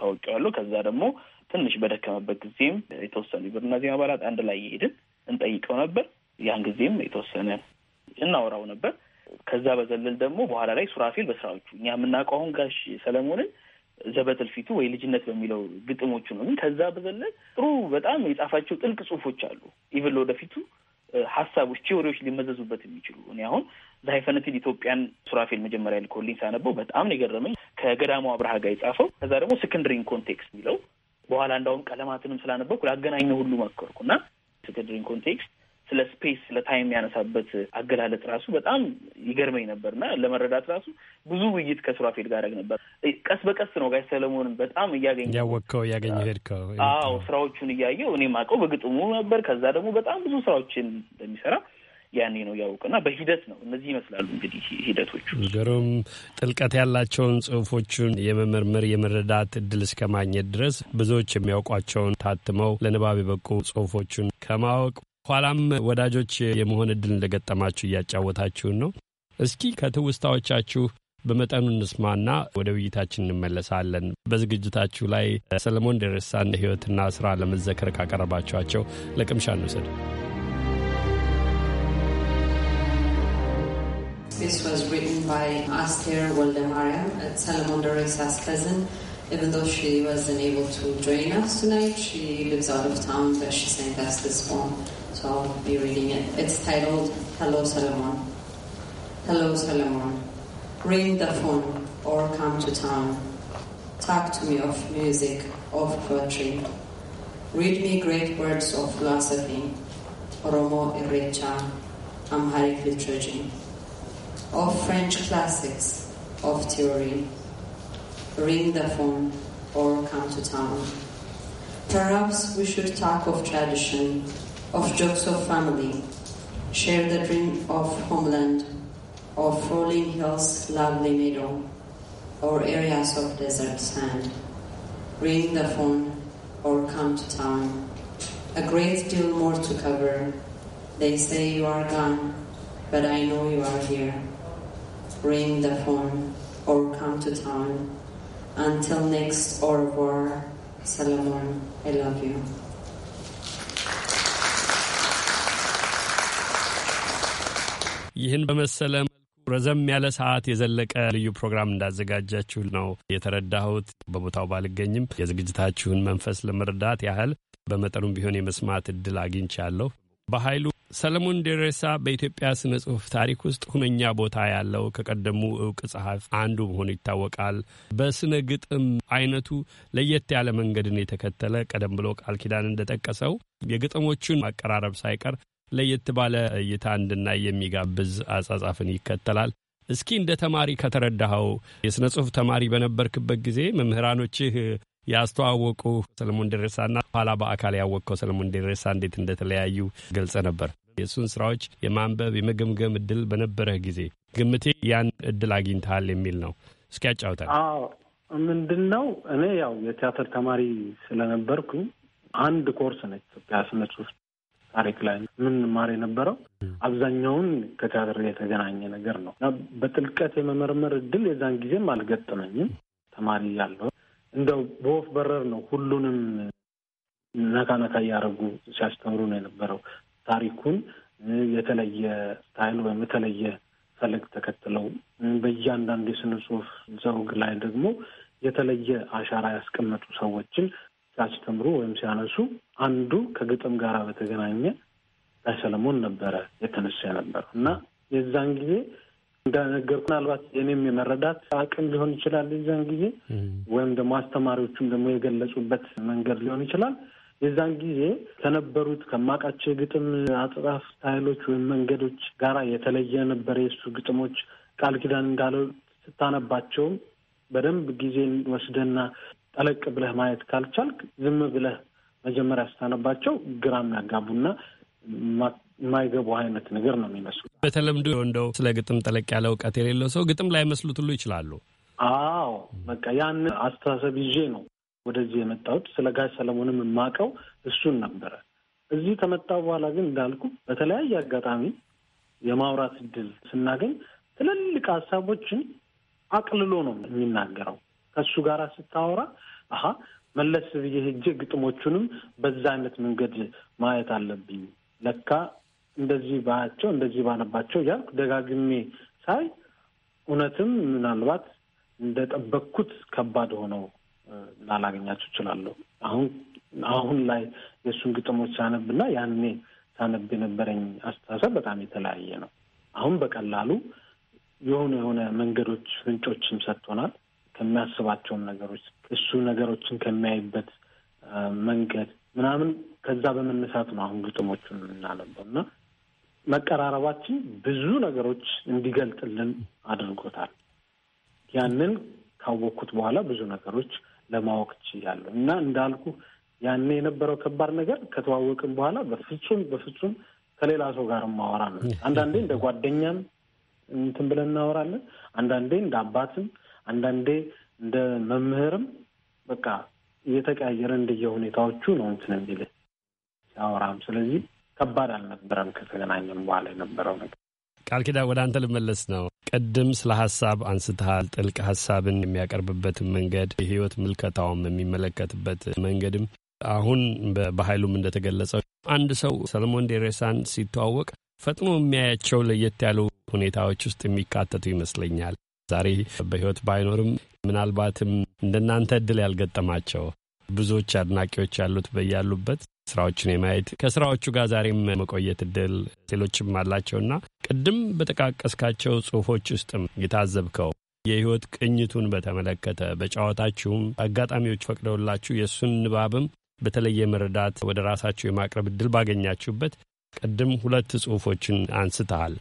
ታወቂዋለሁ። ከዛ ደግሞ ትንሽ በደከመበት ጊዜም የተወሰኑ የብርና ዜና አባላት አንድ ላይ የሄድን እንጠይቀው ነበር። ያን ጊዜም የተወሰነ እናወራው ነበር። ከዛ በዘለል ደግሞ በኋላ ላይ ሱራፌል በስራዎቹ እኛ የምናውቀው አሁን ጋሽ ሰለሞንን ዘበትል ፊቱ ወይ ልጅነት በሚለው ግጥሞቹ ነው። ግን ከዛ በዘለል ጥሩ በጣም የጻፋቸው ጥልቅ ጽሁፎች አሉ። ኢቨን ለወደፊቱ ሀሳቦች፣ ቲዎሪዎች ሊመዘዙበት የሚችሉ እኔ አሁን ዘሀይፈነትን ኢትዮጵያን ሱራፌል መጀመሪያ ልኮልኝ ሳነበው በጣም ነው የገረመኝ። ከገዳሙ አብርሃ ጋር የጻፈው ከዛ ደግሞ ሰከንድሪን ኮንቴክስት የሚለው በኋላ እንዳውም ቀለማትንም ስላነበብኩ ላገናኘ ሁሉ መከርኩ እና ሰከንድሪን ኮንቴክስት ስለ ስፔስ ስለ ታይም ያነሳበት አገላለጽ ራሱ በጣም ይገርመኝ ነበር እና ለመረዳት ራሱ ብዙ ውይይት ከሱራፌል ጋር አደረግ ነበር። ቀስ በቀስ ነው ጋሽ ሰለሞንን በጣም እያገኘ ያወቅከው እያገኘ ሄድከው። አዎ ስራዎቹን እያየው እኔ ማውቀው በግጥሙ ነበር። ከዛ ደግሞ በጣም ብዙ ስራዎችን እንደሚሰራ ያኔ ነው እና በሂደት ነው። እነዚህ ይመስላሉ እንግዲህ ሂደቶቹ። ግሩም ጥልቀት ያላቸውን ጽሁፎቹን የመመርመር የመረዳት እድል እስከ ማግኘት ድረስ ብዙዎች የሚያውቋቸውን ታትመው ለንባብ የበቁ ጽሁፎቹን ከማወቅ ኋላም ወዳጆች የመሆን እድል እንደገጠማችሁ እያጫወታችሁን ነው። እስኪ ከትውስታዎቻችሁ በመጠኑ እንስማና ወደ ውይይታችን እንመለሳለን። በዝግጅታችሁ ላይ ሰለሞን ደረሳን ሕይወትና ስራ ለመዘከር ካቀረባችኋቸው ለቅምሻ እንውሰድ። This was written by Aster Waldemariam, Salomon Deresa's cousin. Even though she wasn't able to join us tonight, she lives out of town, but she sent us this poem. so I'll be reading it. It's titled Hello Solomon. Hello Solomon. Ring the phone or come to town. Talk to me of music, of poetry. Read me great words of philosophy, Oromo Irecha, Amharic literature, of French classics, of theory. Ring the phone or come to town. Perhaps we should talk of tradition, of jokes family, share the dream of homeland, of rolling hills, lovely meadow, or areas of desert sand. Ring the phone or come to town. A great deal more to cover. They say you are gone, but I know you are here. Ring the phone or come to town. Until next or war, Salomon, I love you. ይህን በመሰለ መልኩ ረዘም ያለ ሰዓት የዘለቀ ልዩ ፕሮግራም እንዳዘጋጃችሁ ነው የተረዳሁት። በቦታው ባልገኝም የዝግጅታችሁን መንፈስ ለመረዳት ያህል በመጠኑም ቢሆን የመስማት እድል አግኝቻለሁ። በኃይሉ ሰለሞን ደሬሳ በኢትዮጵያ ስነ ጽሁፍ ታሪክ ውስጥ ሁነኛ ቦታ ያለው ከቀደሙ እውቅ ጸሐፍ አንዱ መሆኑ ይታወቃል። በስነ ግጥም አይነቱ ለየት ያለ መንገድን የተከተለ ቀደም ብሎ ቃል ኪዳን እንደጠቀሰው የግጥሞቹን አቀራረብ ሳይቀር ለየት ባለ እይታ እንድናይ የሚጋብዝ አጻጻፍን ይከተላል። እስኪ እንደ ተማሪ ከተረዳኸው የሥነ ጽሑፍ ተማሪ በነበርክበት ጊዜ መምህራኖችህ ያስተዋወቁ ሰለሞን ደረሳና ኋላ በአካል ያወቅከው ሰለሞን ደረሳ እንዴት እንደተለያዩ ገልጸ ነበር። የእሱን ስራዎች የማንበብ የመገምገም እድል በነበረህ ጊዜ ግምቴ ያን እድል አግኝተሃል የሚል ነው። እስኪ ያጫውታል። ምንድን ነው እኔ ያው የቲያትር ተማሪ ስለነበርኩ አንድ ኮርስ ነች ኢትዮጵያ ስነ ጽሁፍ ታሪክ ላይ ምን ማር የነበረው አብዛኛውን ከቲያትር የተገናኘ ነገር ነው እና በጥልቀት የመመርመር እድል የዛን ጊዜም አልገጠመኝም። ተማሪ ያለው እንደው በወፍ በረር ነው ሁሉንም ነካ ነካ እያደረጉ ሲያስተምሩ ነው የነበረው። ታሪኩን የተለየ ስታይል ወይም የተለየ ፈለግ ተከትለው በእያንዳንዱ የስነ ጽሁፍ ዘውግ ላይ ደግሞ የተለየ አሻራ ያስቀመጡ ሰዎችን ሲያስተምሩ ወይም ሲያነሱ አንዱ ከግጥም ጋር በተገናኘ ላይ ሰለሞን ነበረ የተነሳ የነበረው እና የዛን ጊዜ እንደነገርኩ ምናልባት የኔም የመረዳት አቅም ሊሆን ይችላል የዛን ጊዜ ወይም ደግሞ አስተማሪዎቹም ደግሞ የገለጹበት መንገድ ሊሆን ይችላል። የዛን ጊዜ ከነበሩት ከማውቃቸው የግጥም አጥራፍ ስታይሎች ወይም መንገዶች ጋራ የተለየ ነበረ የእሱ ግጥሞች ቃል ኪዳን እንዳለው ስታነባቸውም በደንብ ጊዜን ወስደና ጠለቅ ብለህ ማየት ካልቻልክ ዝም ብለህ መጀመሪያ ስታነባቸው ግራ የሚያጋቡና የማይገቡ አይነት ነገር ነው የሚመስሉ። በተለምዶ እንደው ስለ ግጥም ጠለቅ ያለ እውቀት የሌለው ሰው ግጥም ላይመስሉት ሁሉ ይችላሉ። አዎ በቃ ያንን አስተሳሰብ ይዤ ነው ወደዚህ የመጣሁት። ስለ ጋሽ ሰለሞንም የማውቀው እሱን ነበረ። እዚህ ከመጣሁ በኋላ ግን እንዳልኩ በተለያየ አጋጣሚ የማውራት እድል ስናገኝ ትልልቅ ሀሳቦችን አቅልሎ ነው የሚናገረው። ከእሱ ጋር ስታወራ አሀ መለስ ብዬ ሄጄ ግጥሞቹንም በዛ አይነት መንገድ ማየት አለብኝ ለካ እንደዚህ ባያቸው እንደዚህ ባነባቸው እያልኩ ደጋግሜ ሳይ እውነትም ምናልባት እንደጠበቅኩት ከባድ ሆነው ላላገኛቸው እችላለሁ። አሁን አሁን ላይ የእሱን ግጥሞች ሳነብና ያኔ ሳነብ የነበረኝ አስተሳሰብ በጣም የተለያየ ነው። አሁን በቀላሉ የሆነ የሆነ መንገዶች ፍንጮችም ሰጥቶናል። ከሚያስባቸውም ነገሮች እሱ ነገሮችን ከሚያይበት መንገድ ምናምን ከዛ በመነሳት ነው አሁን ግጥሞቹን የምናነበው እና መቀራረባችን ብዙ ነገሮች እንዲገልጥልን አድርጎታል። ያንን ካወቅኩት በኋላ ብዙ ነገሮች ለማወቅ ችያለሁ እና እንዳልኩ ያኔ የነበረው ከባድ ነገር ከተዋወቅን በኋላ በፍጹም በፍጹም ከሌላ ሰው ጋር ማወራ ነው። አንዳንዴ እንደ ጓደኛም እንትን ብለን እናወራለን። አንዳንዴ እንደ አባትም አንዳንዴ እንደ መምህርም በቃ እየተቀያየረ እንደየ ሁኔታዎቹ ነው እንትን የሚል ሲያወራም፣ ስለዚህ ከባድ አልነበረም ከተገናኘም በኋላ የነበረው ነገር። ቃል ኪዳን ወደ አንተ ልመለስ ነው። ቅድም ስለ ሀሳብ አንስተሃል። ጥልቅ ሀሳብን የሚያቀርብበትን መንገድ የህይወት ምልከታውም የሚመለከትበት መንገድም አሁን በኃይሉም እንደተገለጸው አንድ ሰው ሰለሞን ዴሬሳን ሲተዋወቅ ፈጥኖ የሚያያቸው ለየት ያሉ ሁኔታዎች ውስጥ የሚካተቱ ይመስለኛል። ዛሬ በህይወት ባይኖርም ምናልባትም እንደናንተ እድል ያልገጠማቸው ብዙዎች አድናቂዎች ያሉት በያሉበት ስራዎችን የማየት ከስራዎቹ ጋር ዛሬም መቆየት እድል ሌሎችም አላቸውና ቅድም በጠቃቀስካቸው ጽሁፎች ውስጥም የታዘብከው የህይወት ቅኝቱን በተመለከተ በጨዋታችሁም አጋጣሚዎች ፈቅደውላችሁ የእሱን ንባብም በተለየ መረዳት ወደ ራሳችሁ የማቅረብ እድል ባገኛችሁበት ቅድም ሁለት ጽሁፎችን አንስተሃል።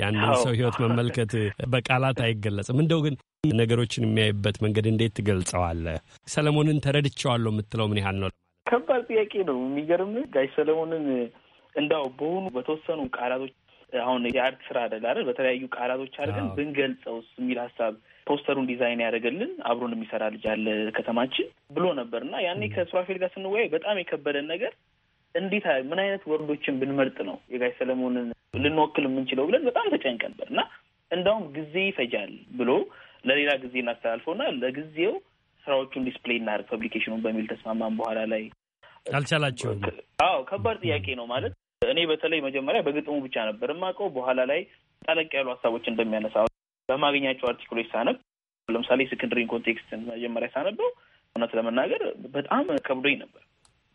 ያንን ሰው ህይወት መመልከት በቃላት አይገለጽም። እንደው ግን ነገሮችን የሚያይበት መንገድ እንዴት ትገልጸዋለህ? ሰለሞንን ተረድቸዋለሁ የምትለው ምን ያህል ነው? ከባድ ጥያቄ ነው። የሚገርም ጋሽ ሰለሞንን እንዳው በሆኑ በተወሰኑ ቃላቶች አሁን የአርት ስራ አደለ አይደል? በተለያዩ ቃላቶች አድርገን ብንገልጸውስ የሚል ሀሳብ ፖስተሩን ዲዛይን ያደረገልን አብሮን የሚሰራ ልጅ አለ ከተማችን ብሎ ነበር እና ያኔ ከሱራፌል ጋር ስንወያይ በጣም የከበደን ነገር እንዴት ምን አይነት ወርዶችን ብንመርጥ ነው የጋሽ ሰለሞንን ልንወክል የምንችለው ብለን በጣም ተጨንቀ ነበር እና እንዳውም ጊዜ ይፈጃል ብሎ ለሌላ ጊዜ እና ለጊዜው ስራዎቹን ዲስፕሌይ እናደርግ ፐብሊኬሽኑን በሚል ተስማማን። በኋላ ላይ አልቻላቸውም። አዎ ከባድ ጥያቄ ነው ማለት እኔ በተለይ መጀመሪያ በግጥሙ ብቻ ነበር የማውቀው። በኋላ ላይ ጠለቅ ያሉ ሀሳቦች እንደሚያነሳ በማገኛቸው አርቲክሎች ሳነብ፣ ለምሳሌ ሴኮንድሪን ኮንቴክስት መጀመሪያ ሳነበው እውነት ለመናገር በጣም ከብዶኝ ነበር።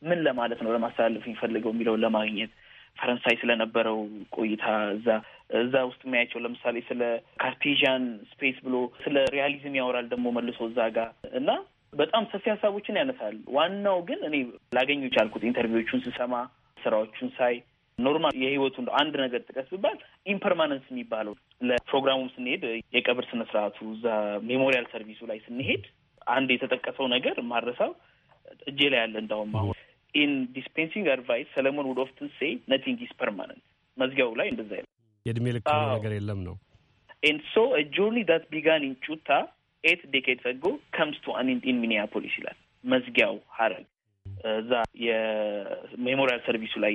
ምን ለማለት ነው ለማስተላለፍ የሚፈልገው የሚለውን ለማግኘት ፈረንሳይ ስለነበረው ቆይታ እዛ እዛ ውስጥ የሚያያቸው ለምሳሌ ስለ ካርቴዥያን ስፔስ ብሎ ስለ ሪያሊዝም ያወራል ደግሞ መልሶ እዛ ጋር እና በጣም ሰፊ ሀሳቦችን ያነሳል። ዋናው ግን እኔ ላገኙ ቻልኩት ኢንተርቪዎቹን ስሰማ ስራዎቹን ሳይ ኖርማል የህይወቱ እንደ አንድ ነገር ጥቀስ ብባል ኢምፐርማነንስ የሚባለው ለፕሮግራሙም ስንሄድ የቀብር ስነ ስርዓቱ እዛ ሜሞሪያል ሰርቪሱ ላይ ስንሄድ አንድ የተጠቀሰው ነገር ማረሳው እጄ ላይ ያለ እንዳውም አሁን in dispensing advice Solomon would often say, nothing is permanent. መዝጊያው ላይ እንደዛ ይላል። የእድሜ ልክ ነገር የለም ነው። and so a journey that began in Chuta eight decades ago comes to an end in Minneapolis ይላል መዝጊያው ሀረግ እዛ የሜሞሪያል ሰርቪሱ ላይ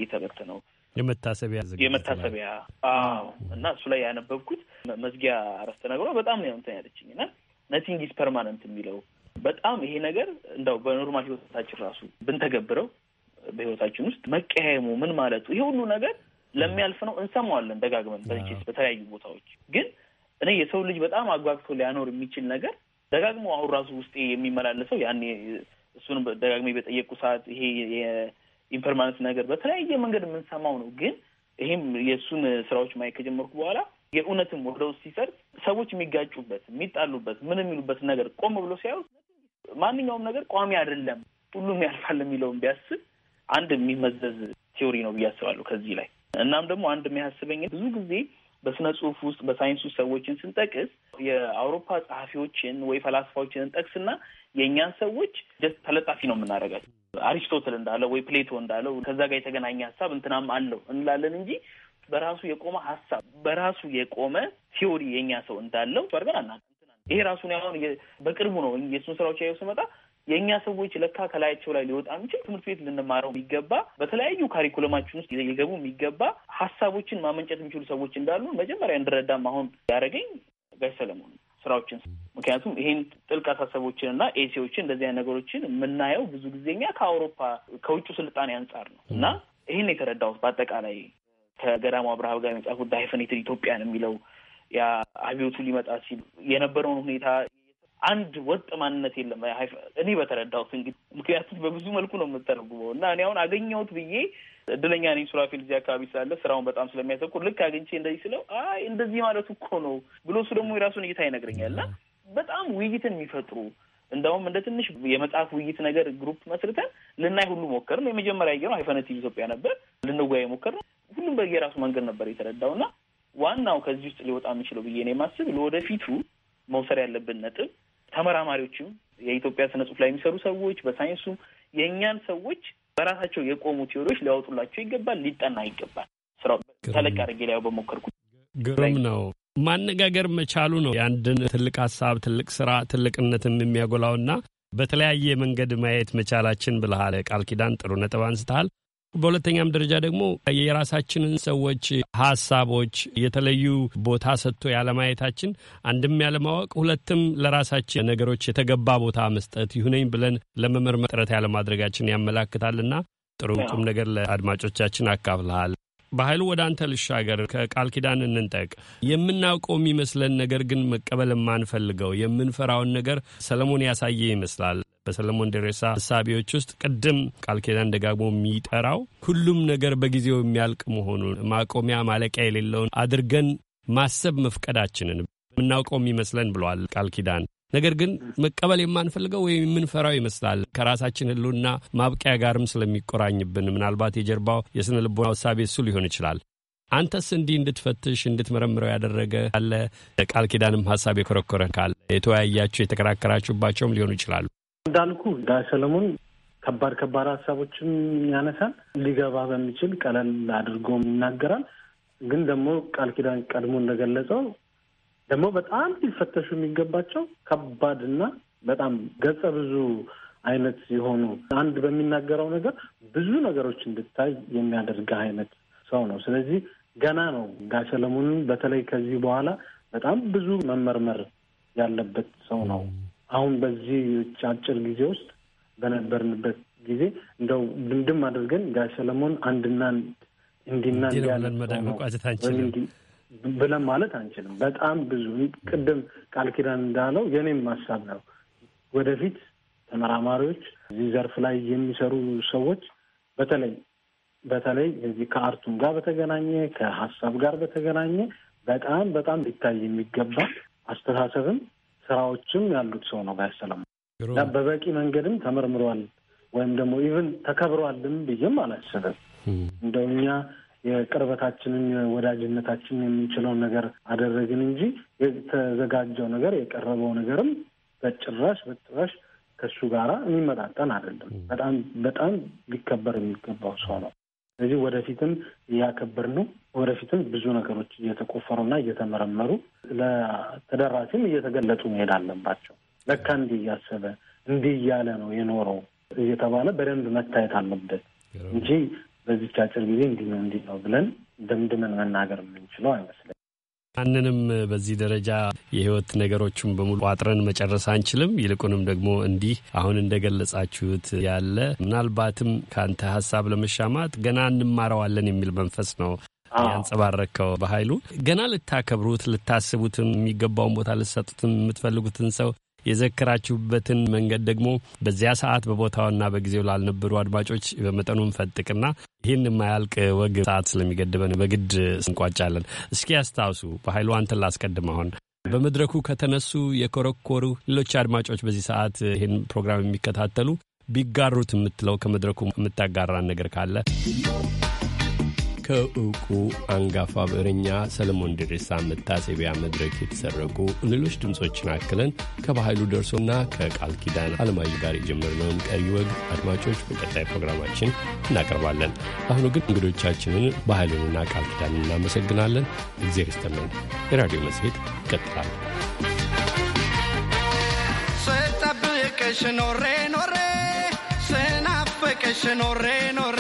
ነው የመታሰቢያ የመታሰቢያ አዎ። እና እሱ ላይ ያነበብኩት መዝጊያ አረፍተ ነገሯ በጣም ነው እንትን ያለችኝ እና ነቲንግ ኢዝ ፐርማነንት የሚለው በጣም ይሄ ነገር እንደው በኖርማል ህይወታችን ራሱ ብንተገብረው በህይወታችን ውስጥ መቀያየሙ ምን ማለቱ ይሄ ሁሉ ነገር ለሚያልፍ ነው እንሰማዋለን ደጋግመን በተለያዩ ቦታዎች። ግን እኔ የሰው ልጅ በጣም አጓግቶ ሊያኖር የሚችል ነገር ደጋግሞ አሁን ራሱ ውስጤ የሚመላለሰው ያኔ እሱን ደጋግሜ በጠየቁ ሰዓት ይሄ የኢምፐርማነንስ ነገር በተለያየ መንገድ የምንሰማው ነው። ግን ይሄም የእሱን ስራዎች ማየት ከጀመርኩ በኋላ የእውነትም ወደ ውስጥ ሲሰርጥ ሰዎች የሚጋጩበት፣ የሚጣሉበት፣ ምን የሚሉበት ነገር ቆም ብሎ ሲያዩት ማንኛውም ነገር ቋሚ አይደለም ሁሉም ያልፋል የሚለውን ቢያስብ አንድ የሚመዘዝ ቲዎሪ ነው ብዬ አስባለሁ ከዚህ ላይ እናም ደግሞ አንድ የሚያስበኝ ብዙ ጊዜ በስነ ጽሁፍ ውስጥ በሳይንስ ውስጥ ሰዎችን ስንጠቅስ የአውሮፓ ጸሐፊዎችን ወይ ፈላስፋዎችን እንጠቅስና የእኛን ሰዎች ተለጣፊ ነው የምናደርጋቸው። አሪስቶትል እንዳለው ወይ ፕሌቶ እንዳለው ከዛ ጋር የተገናኘ ሀሳብ እንትናም አለው እንላለን እንጂ በራሱ የቆመ ሀሳብ በራሱ የቆመ ቲዮሪ የእኛ ሰው እንዳለው አድርገን አናውቅም። ይሄ ራሱን ያሁን በቅርቡ ነው የእሱን ስራዎች ያየው ስመጣ የእኛ ሰዎች ለካ ከላያቸው ላይ ሊወጣ የሚችል ትምህርት ቤት ልንማረው የሚገባ በተለያዩ ካሪኩለማችን ውስጥ ሊገቡ የሚገባ ሀሳቦችን ማመንጨት የሚችሉ ሰዎች እንዳሉ መጀመሪያ እንድረዳም አሁን ያደረገኝ ጋሽ ሰለሞን ስራዎችን ምክንያቱም ይህን ጥልቅ አሳሰቦችን እና ኤሴዎችን እንደዚህ አይነት ነገሮችን የምናየው ብዙ ጊዜኛ ከአውሮፓ ከውጭ ስልጣኔ አንጻር ነው እና ይህን የተረዳሁት በአጠቃላይ ከገዳሙ አብርሃ ጋር የመጽሐፉ ዳይፈኔትድ ኢትዮጵያን የሚለው ያ አብዮቱ ሊመጣ ሲል የነበረውን ሁኔታ አንድ ወጥ ማንነት የለም። እኔ በተረዳሁት እንግዲህ ምክንያቱም በብዙ መልኩ ነው የምተረጉመው እና እኔ አሁን አገኘሁት ብዬ እድለኛ ነኝ። ሱራፌል እዚህ አካባቢ ስላለ ስራውን በጣም ስለሚያተኩር ልክ አግኝቼ እንደዚህ ስለው አይ እንደዚህ ማለቱ እኮ ነው ብሎ እሱ ደግሞ የራሱን እይታ ይነግረኛል እና በጣም ውይይትን የሚፈጥሩ እንደውም እንደ ትንሽ የመጽሐፍ ውይይት ነገር ግሩፕ መስርተን ልናይ ሁሉ ሞከርን። የመጀመሪያ ጊዜ ነው ሀይፈነት ኢትዮጵያ ነበር ልንወያይ ሞከርን። ሁሉም በየራሱ መንገድ ነበር የተረዳው እና ዋናው ከዚህ ውስጥ ሊወጣ የሚችለው ብዬ ነው የማስብ ለወደፊቱ መውሰድ ያለብን ነጥብ ተመራማሪዎችም የኢትዮጵያ ስነ ጽሁፍ ላይ የሚሰሩ ሰዎች በሳይንሱም የእኛን ሰዎች በራሳቸው የቆሙ ቴዎሪዎች ሊያወጡላቸው ይገባል፣ ሊጠና ይገባል። ስራው ተለቅ አድርጌ በሞከርኩ ግሩም ነው። ማነጋገር መቻሉ ነው የአንድን ትልቅ ሀሳብ ትልቅ ስራ ትልቅነትም የሚያጎላውና በተለያየ መንገድ ማየት መቻላችን ብልሃል ቃል ኪዳን ጥሩ ነጥብ አንስተሃል። በሁለተኛም ደረጃ ደግሞ የራሳችንን ሰዎች ሀሳቦች የተለዩ ቦታ ሰጥቶ ያለማየታችን አንድም ያለማወቅ፣ ሁለትም ለራሳችን ነገሮች የተገባ ቦታ መስጠት ይሁነኝ ብለን ለመመርመር ጥረት ያለማድረጋችን ያመላክታልና ጥሩ ቁም ነገር ለአድማጮቻችን አካፍልሃል። በኃይሉ ወደ አንተ ልሻገር። ከቃል ኪዳን እንንጠቅ። የምናውቀው የሚመስለን ነገር ግን መቀበል የማንፈልገው የምንፈራውን ነገር ሰለሞን ያሳየ ይመስላል። በሰለሞን ደሬሳ ሳቢዎች ውስጥ ቅድም ቃል ኪዳን ደጋግሞ የሚጠራው ሁሉም ነገር በጊዜው የሚያልቅ መሆኑን ማቆሚያ ማለቂያ የሌለውን አድርገን ማሰብ መፍቀዳችንን የምናውቀው የሚመስለን ብሏል ቃል ኪዳን ነገር ግን መቀበል የማንፈልገው ወይም የምንፈራው ይመስላል። ከራሳችን ህልውና ማብቂያ ጋርም ስለሚቆራኝብን ምናልባት የጀርባው የስነ ልቦና ውሳቤ እሱ ሊሆን ይችላል። አንተስ እንዲህ እንድትፈትሽ እንድትመረምረው ያደረገ ያለ ቃል ኪዳንም ሀሳብ የኮረኮረ ካለ የተወያያችሁ የተከራከራችሁባቸውም ሊሆኑ ይችላሉ። እንዳልኩ ዳ ሰለሞን ከባድ ከባድ ሀሳቦችም ያነሳል። ሊገባ በሚችል ቀለል አድርጎም ይናገራል። ግን ደግሞ ቃል ኪዳን ቀድሞ እንደገለጸው ደግሞ በጣም ሊፈተሹ የሚገባቸው ከባድና በጣም ገጸ ብዙ አይነት የሆኑ አንድ በሚናገረው ነገር ብዙ ነገሮች እንድታይ የሚያደርግ አይነት ሰው ነው። ስለዚህ ገና ነው ጋሽ በተለይ ከዚህ በኋላ በጣም ብዙ መመርመር ያለበት ሰው ነው። አሁን በዚህ አጭር ጊዜ ውስጥ በነበርንበት ጊዜ እንደው ድምድም አድርገን ጋሽ ሰለሞን አንድና እንዲና መቋጨት አንችልም። ብለን ማለት አንችልም። በጣም ብዙ ቅድም ቃል ኪዳን እንዳለው የኔም ሀሳብ ነው። ወደፊት ተመራማሪዎች፣ እዚህ ዘርፍ ላይ የሚሰሩ ሰዎች በተለይ በተለይ እዚህ ከአርቱም ጋር በተገናኘ ከሀሳብ ጋር በተገናኘ በጣም በጣም ሊታይ የሚገባ አስተሳሰብም ስራዎችም ያሉት ሰው ነው ጋሽ በበቂ መንገድም ተመርምሯል ወይም ደግሞ ኢቭን ተከብሯልም ብዬም አላስብም እንደው እኛ የቅርበታችንን የወዳጅነታችንን የምንችለውን ነገር አደረግን እንጂ የተዘጋጀው ነገር የቀረበው ነገርም በጭራሽ በጭራሽ ከሱ ጋራ የሚመጣጠን አይደለም። በጣም በጣም ሊከበር የሚገባው ሰው ነው። ስለዚህ ወደፊትም እያከበር ነው። ወደፊትም ብዙ ነገሮች እየተቆፈሩና እየተመረመሩ ለተደራሲም እየተገለጡ መሄድ አለባቸው። ለካ እንዲህ እያሰበ እንዲህ እያለ ነው የኖረው እየተባለ በደንብ መታየት አለበት እንጂ በዚች አጭር ጊዜ እንዲህ ነው እንዲህ ነው ብለን ደምድመን መናገር የምንችለው አይመስለኝ። ያንንም በዚህ ደረጃ የህይወት ነገሮችን በሙሉ ቋጥረን መጨረስ አንችልም። ይልቁንም ደግሞ እንዲህ አሁን እንደገለጻችሁት ያለ ምናልባትም ከአንተ ሀሳብ ለመሻማት ገና እንማረዋለን የሚል መንፈስ ነው ያንጸባረከው በኃይሉ ገና ልታከብሩት ልታስቡትም የሚገባውን ቦታ ልትሰጡትም የምትፈልጉትን ሰው የዘከራችሁበትን መንገድ ደግሞ በዚያ ሰዓት በቦታውና በጊዜው ላልነበሩ አድማጮች በመጠኑ ፈጥቅና ይህን የማያልቅ ወግ ሰዓት ስለሚገድበን በግድ እንቋጫለን። እስኪ ያስታውሱ። በኃይሉ አንተን ላስቀድም። አሁን በመድረኩ ከተነሱ የኮረኮሩ ሌሎች አድማጮች በዚህ ሰዓት ይህን ፕሮግራም የሚከታተሉ ቢጋሩት የምትለው ከመድረኩ የምታጋራን ነገር ካለ ከእውቁ አንጋፋ ብዕረኛ ሰለሞን ድሬሳ መታሰቢያ መድረክ የተሰረቁ ሌሎች ድምፆችን አክለን ከባህሉ ደርሶና ከቃል ኪዳን አለማዩ ጋር የጀመርነውን ቀሪ ወግ አድማጮች በቀጣይ ፕሮግራማችን እናቀርባለን። አሁኑ ግን እንግዶቻችንን ባህሉንና ቃል ኪዳን እናመሰግናለን። እግዜር ይስጥልን። የራዲዮ መጽሔት ይቀጥላል። ስጠብቅሽ ኖሬ ኖሬ ስናፍቅሽ ኖሬ ኖሬ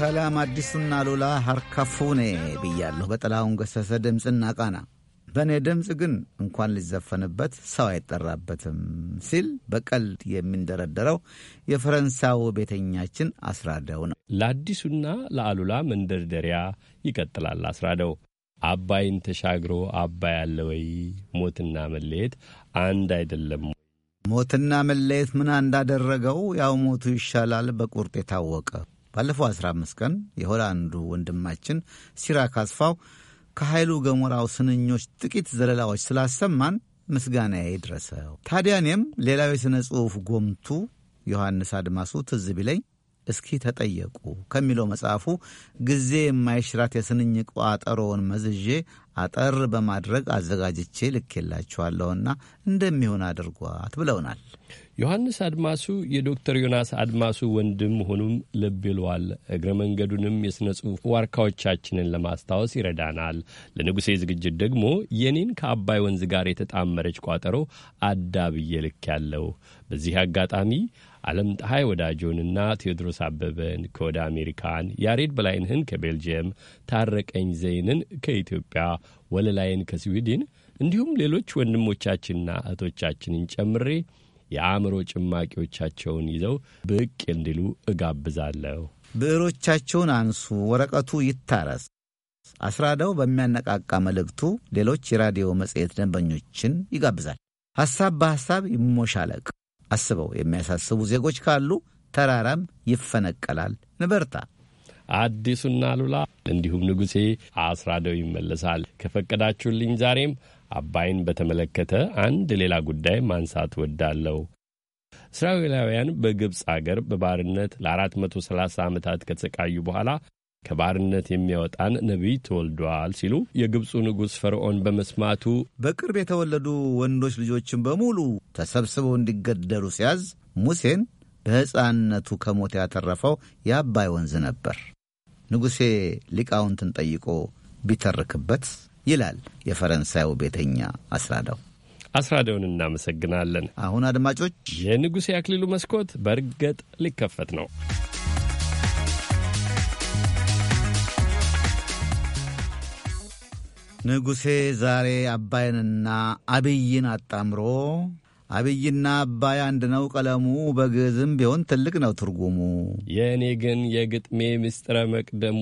ሰላም አዲሱና ሉላ ሀርካፉኔ ብያለሁ በጥላሁን ገሰሰ ድምፅና ቃና። በእኔ ድምፅ ግን እንኳን ሊዘፈንበት ሰው አይጠራበትም ሲል በቀልድ የሚንደረደረው የፈረንሳው ቤተኛችን አስራደው ነው። ለአዲሱና ለአሉላ መንደርደሪያ ይቀጥላል አስራደው። አባይን ተሻግሮ አባይ አለ ወይ? ሞትና መለየት አንድ አይደለም። ሞትና መለየት ምን እንዳደረገው ያው ሞቱ ይሻላል በቁርጥ የታወቀ ባለፈው 15 ቀን የሆላንዱ ወንድማችን ሲራክ አስፋው ከኃይሉ ገሞራው ስንኞች ጥቂት ዘለላዎች ስላሰማን ምስጋና ይድረሰው። ታዲያ እኔም ሌላው የሥነ ጽሑፍ ጎምቱ ዮሐንስ አድማሱ ትዝ ቢለኝ እስኪ ተጠየቁ ከሚለው መጽሐፉ ጊዜ የማይሽራት የስንኝ ቋጠሮውን መዝዤ አጠር በማድረግ አዘጋጅቼ ልኬላችኋለሁና እንደሚሆን አድርጓት ብለውናል። ዮሐንስ አድማሱ የዶክተር ዮናስ አድማሱ ወንድም መሆኑም ልብ ይሏል። እግረ መንገዱንም የሥነ ጽሑፍ ዋርካዎቻችንን ለማስታወስ ይረዳናል። ለንጉሴ ዝግጅት ደግሞ የኔን ከአባይ ወንዝ ጋር የተጣመረች ቋጠሮ አዳብዬ ልክ ያለው በዚህ አጋጣሚ ዓለም ፀሐይ ወዳጆንና ቴዎድሮስ አበበን ከወደ አሜሪካን፣ ያሬድ በላይንህን ከቤልጅየም፣ ታረቀኝ ዘይንን ከኢትዮጵያ፣ ወለላይን ከስዊድን እንዲሁም ሌሎች ወንድሞቻችንና እህቶቻችንን ጨምሬ የአእምሮ ጭማቂዎቻቸውን ይዘው ብቅ እንዲሉ እጋብዛለሁ። ብዕሮቻቸውን አንሱ፣ ወረቀቱ ይታረስ። አስራዳው በሚያነቃቃ መልእክቱ ሌሎች የራዲዮ መጽሔት ደንበኞችን ይጋብዛል። ሐሳብ በሐሳብ ይሞሻለቅ። አስበው የሚያሳስቡ ዜጎች ካሉ ተራራም ይፈነቀላል። ንበርታ። አዲሱና ሉላ እንዲሁም ንጉሴ አስራደው ይመለሳል። ከፈቀዳችሁልኝ ዛሬም አባይን በተመለከተ አንድ ሌላ ጉዳይ ማንሳት ወዳለው እስራኤላውያን በግብፅ አገር በባርነት ለ430 ዓመታት ከተሰቃዩ በኋላ ከባርነት የሚያወጣን ነቢይ ተወልዷል ሲሉ የግብፁ ንጉሥ ፈርዖን በመስማቱ በቅርብ የተወለዱ ወንዶች ልጆችን በሙሉ ተሰብስበው እንዲገደሉ ሲያዝ ሙሴን በሕፃንነቱ ከሞት ያተረፈው የአባይ ወንዝ ነበር። ንጉሴ ሊቃውንትን ጠይቆ ቢተርክበት ይላል የፈረንሳዩ ቤተኛ አስራዳው። አስራዳውን እናመሰግናለን። አሁን አድማጮች፣ የንጉሴ አክሊሉ መስኮት በእርግጥ ሊከፈት ነው። ንጉሴ ዛሬ አባይንና አብይን አጣምሮ አብይና አባይ አንድ ነው ቀለሙ፣ በግዕዝም ቢሆን ትልቅ ነው ትርጉሙ። የእኔ ግን የግጥሜ ምስጢረ መቅደሙ፣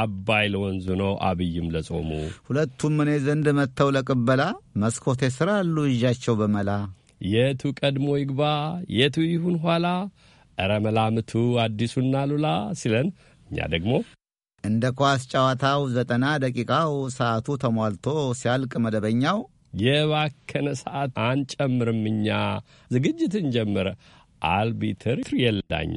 አባይ ለወንዙ ነው አብይም ለጾሙ። ሁለቱም እኔ ዘንድ መጥተው ለቅበላ፣ መስኮቴ ስራ አሉ እዣቸው በመላ። የቱ ቀድሞ ይግባ የቱ ይሁን ኋላ፣ እረ መላምቱ አዲሱና ሉላ ሲለን እኛ ደግሞ እንደ ኳስ ጨዋታው ዘጠና ደቂቃው ሰዓቱ ተሟልቶ ሲያልቅ መደበኛው የባከነ ሰዓት አንጨምርምኛ ዝግጅትን ጀምረ አልቢትር የላኛ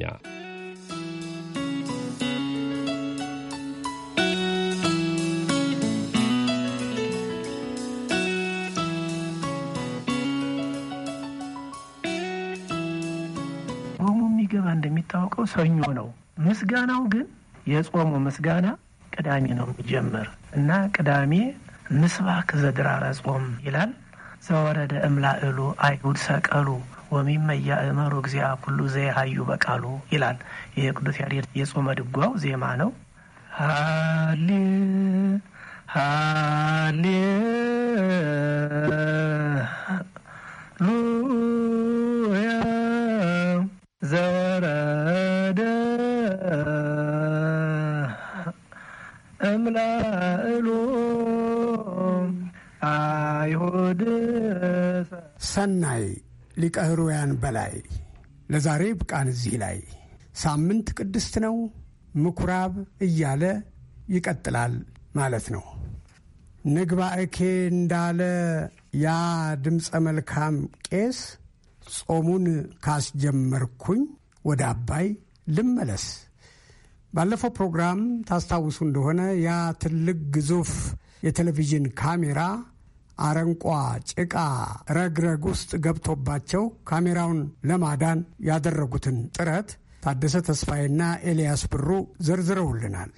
ጾሙ የሚገባ እንደሚታወቀው ሰኞ ነው። ምስጋናው ግን የጾሙ ምስጋና ቅዳሜ ነው የሚጀምር እና ቅዳሜ ምስባክ ዘድራረ ጾም ይላል ዘወረደ እምላ እሉ አይሁድ ሰቀሉ ወሚመያ እመሩ እግዚአ ኩሉ ዘየሀዩ በቃሉ ይላል። ይህ ቅዱስ ያሬድ የጾመ ድጓው ዜማ ነው። ሀሌ ሀሌ ሉያ ዘወረደ እምላእሉ ሰናይ ሊቀ በላይ ለዛሬ ብቃን እዚህ ላይ ሳምንት ቅድስት ነው ምኩራብ እያለ ይቀጥላል ማለት ነው። ንግባእኬ እንዳለ ያ ድምፀ መልካም ቄስ ጾሙን ካስጀመርኩኝ ወደ አባይ ልመለስ። ባለፈው ፕሮግራም ታስታውሱ እንደሆነ ያ ትልቅ ግዙፍ የቴሌቪዥን ካሜራ አረንቋ ጭቃ ረግረግ ውስጥ ገብቶባቸው ካሜራውን ለማዳን ያደረጉትን ጥረት ታደሰ ተስፋዬና ኤልያስ ብሩ ዘርዝረውልናል።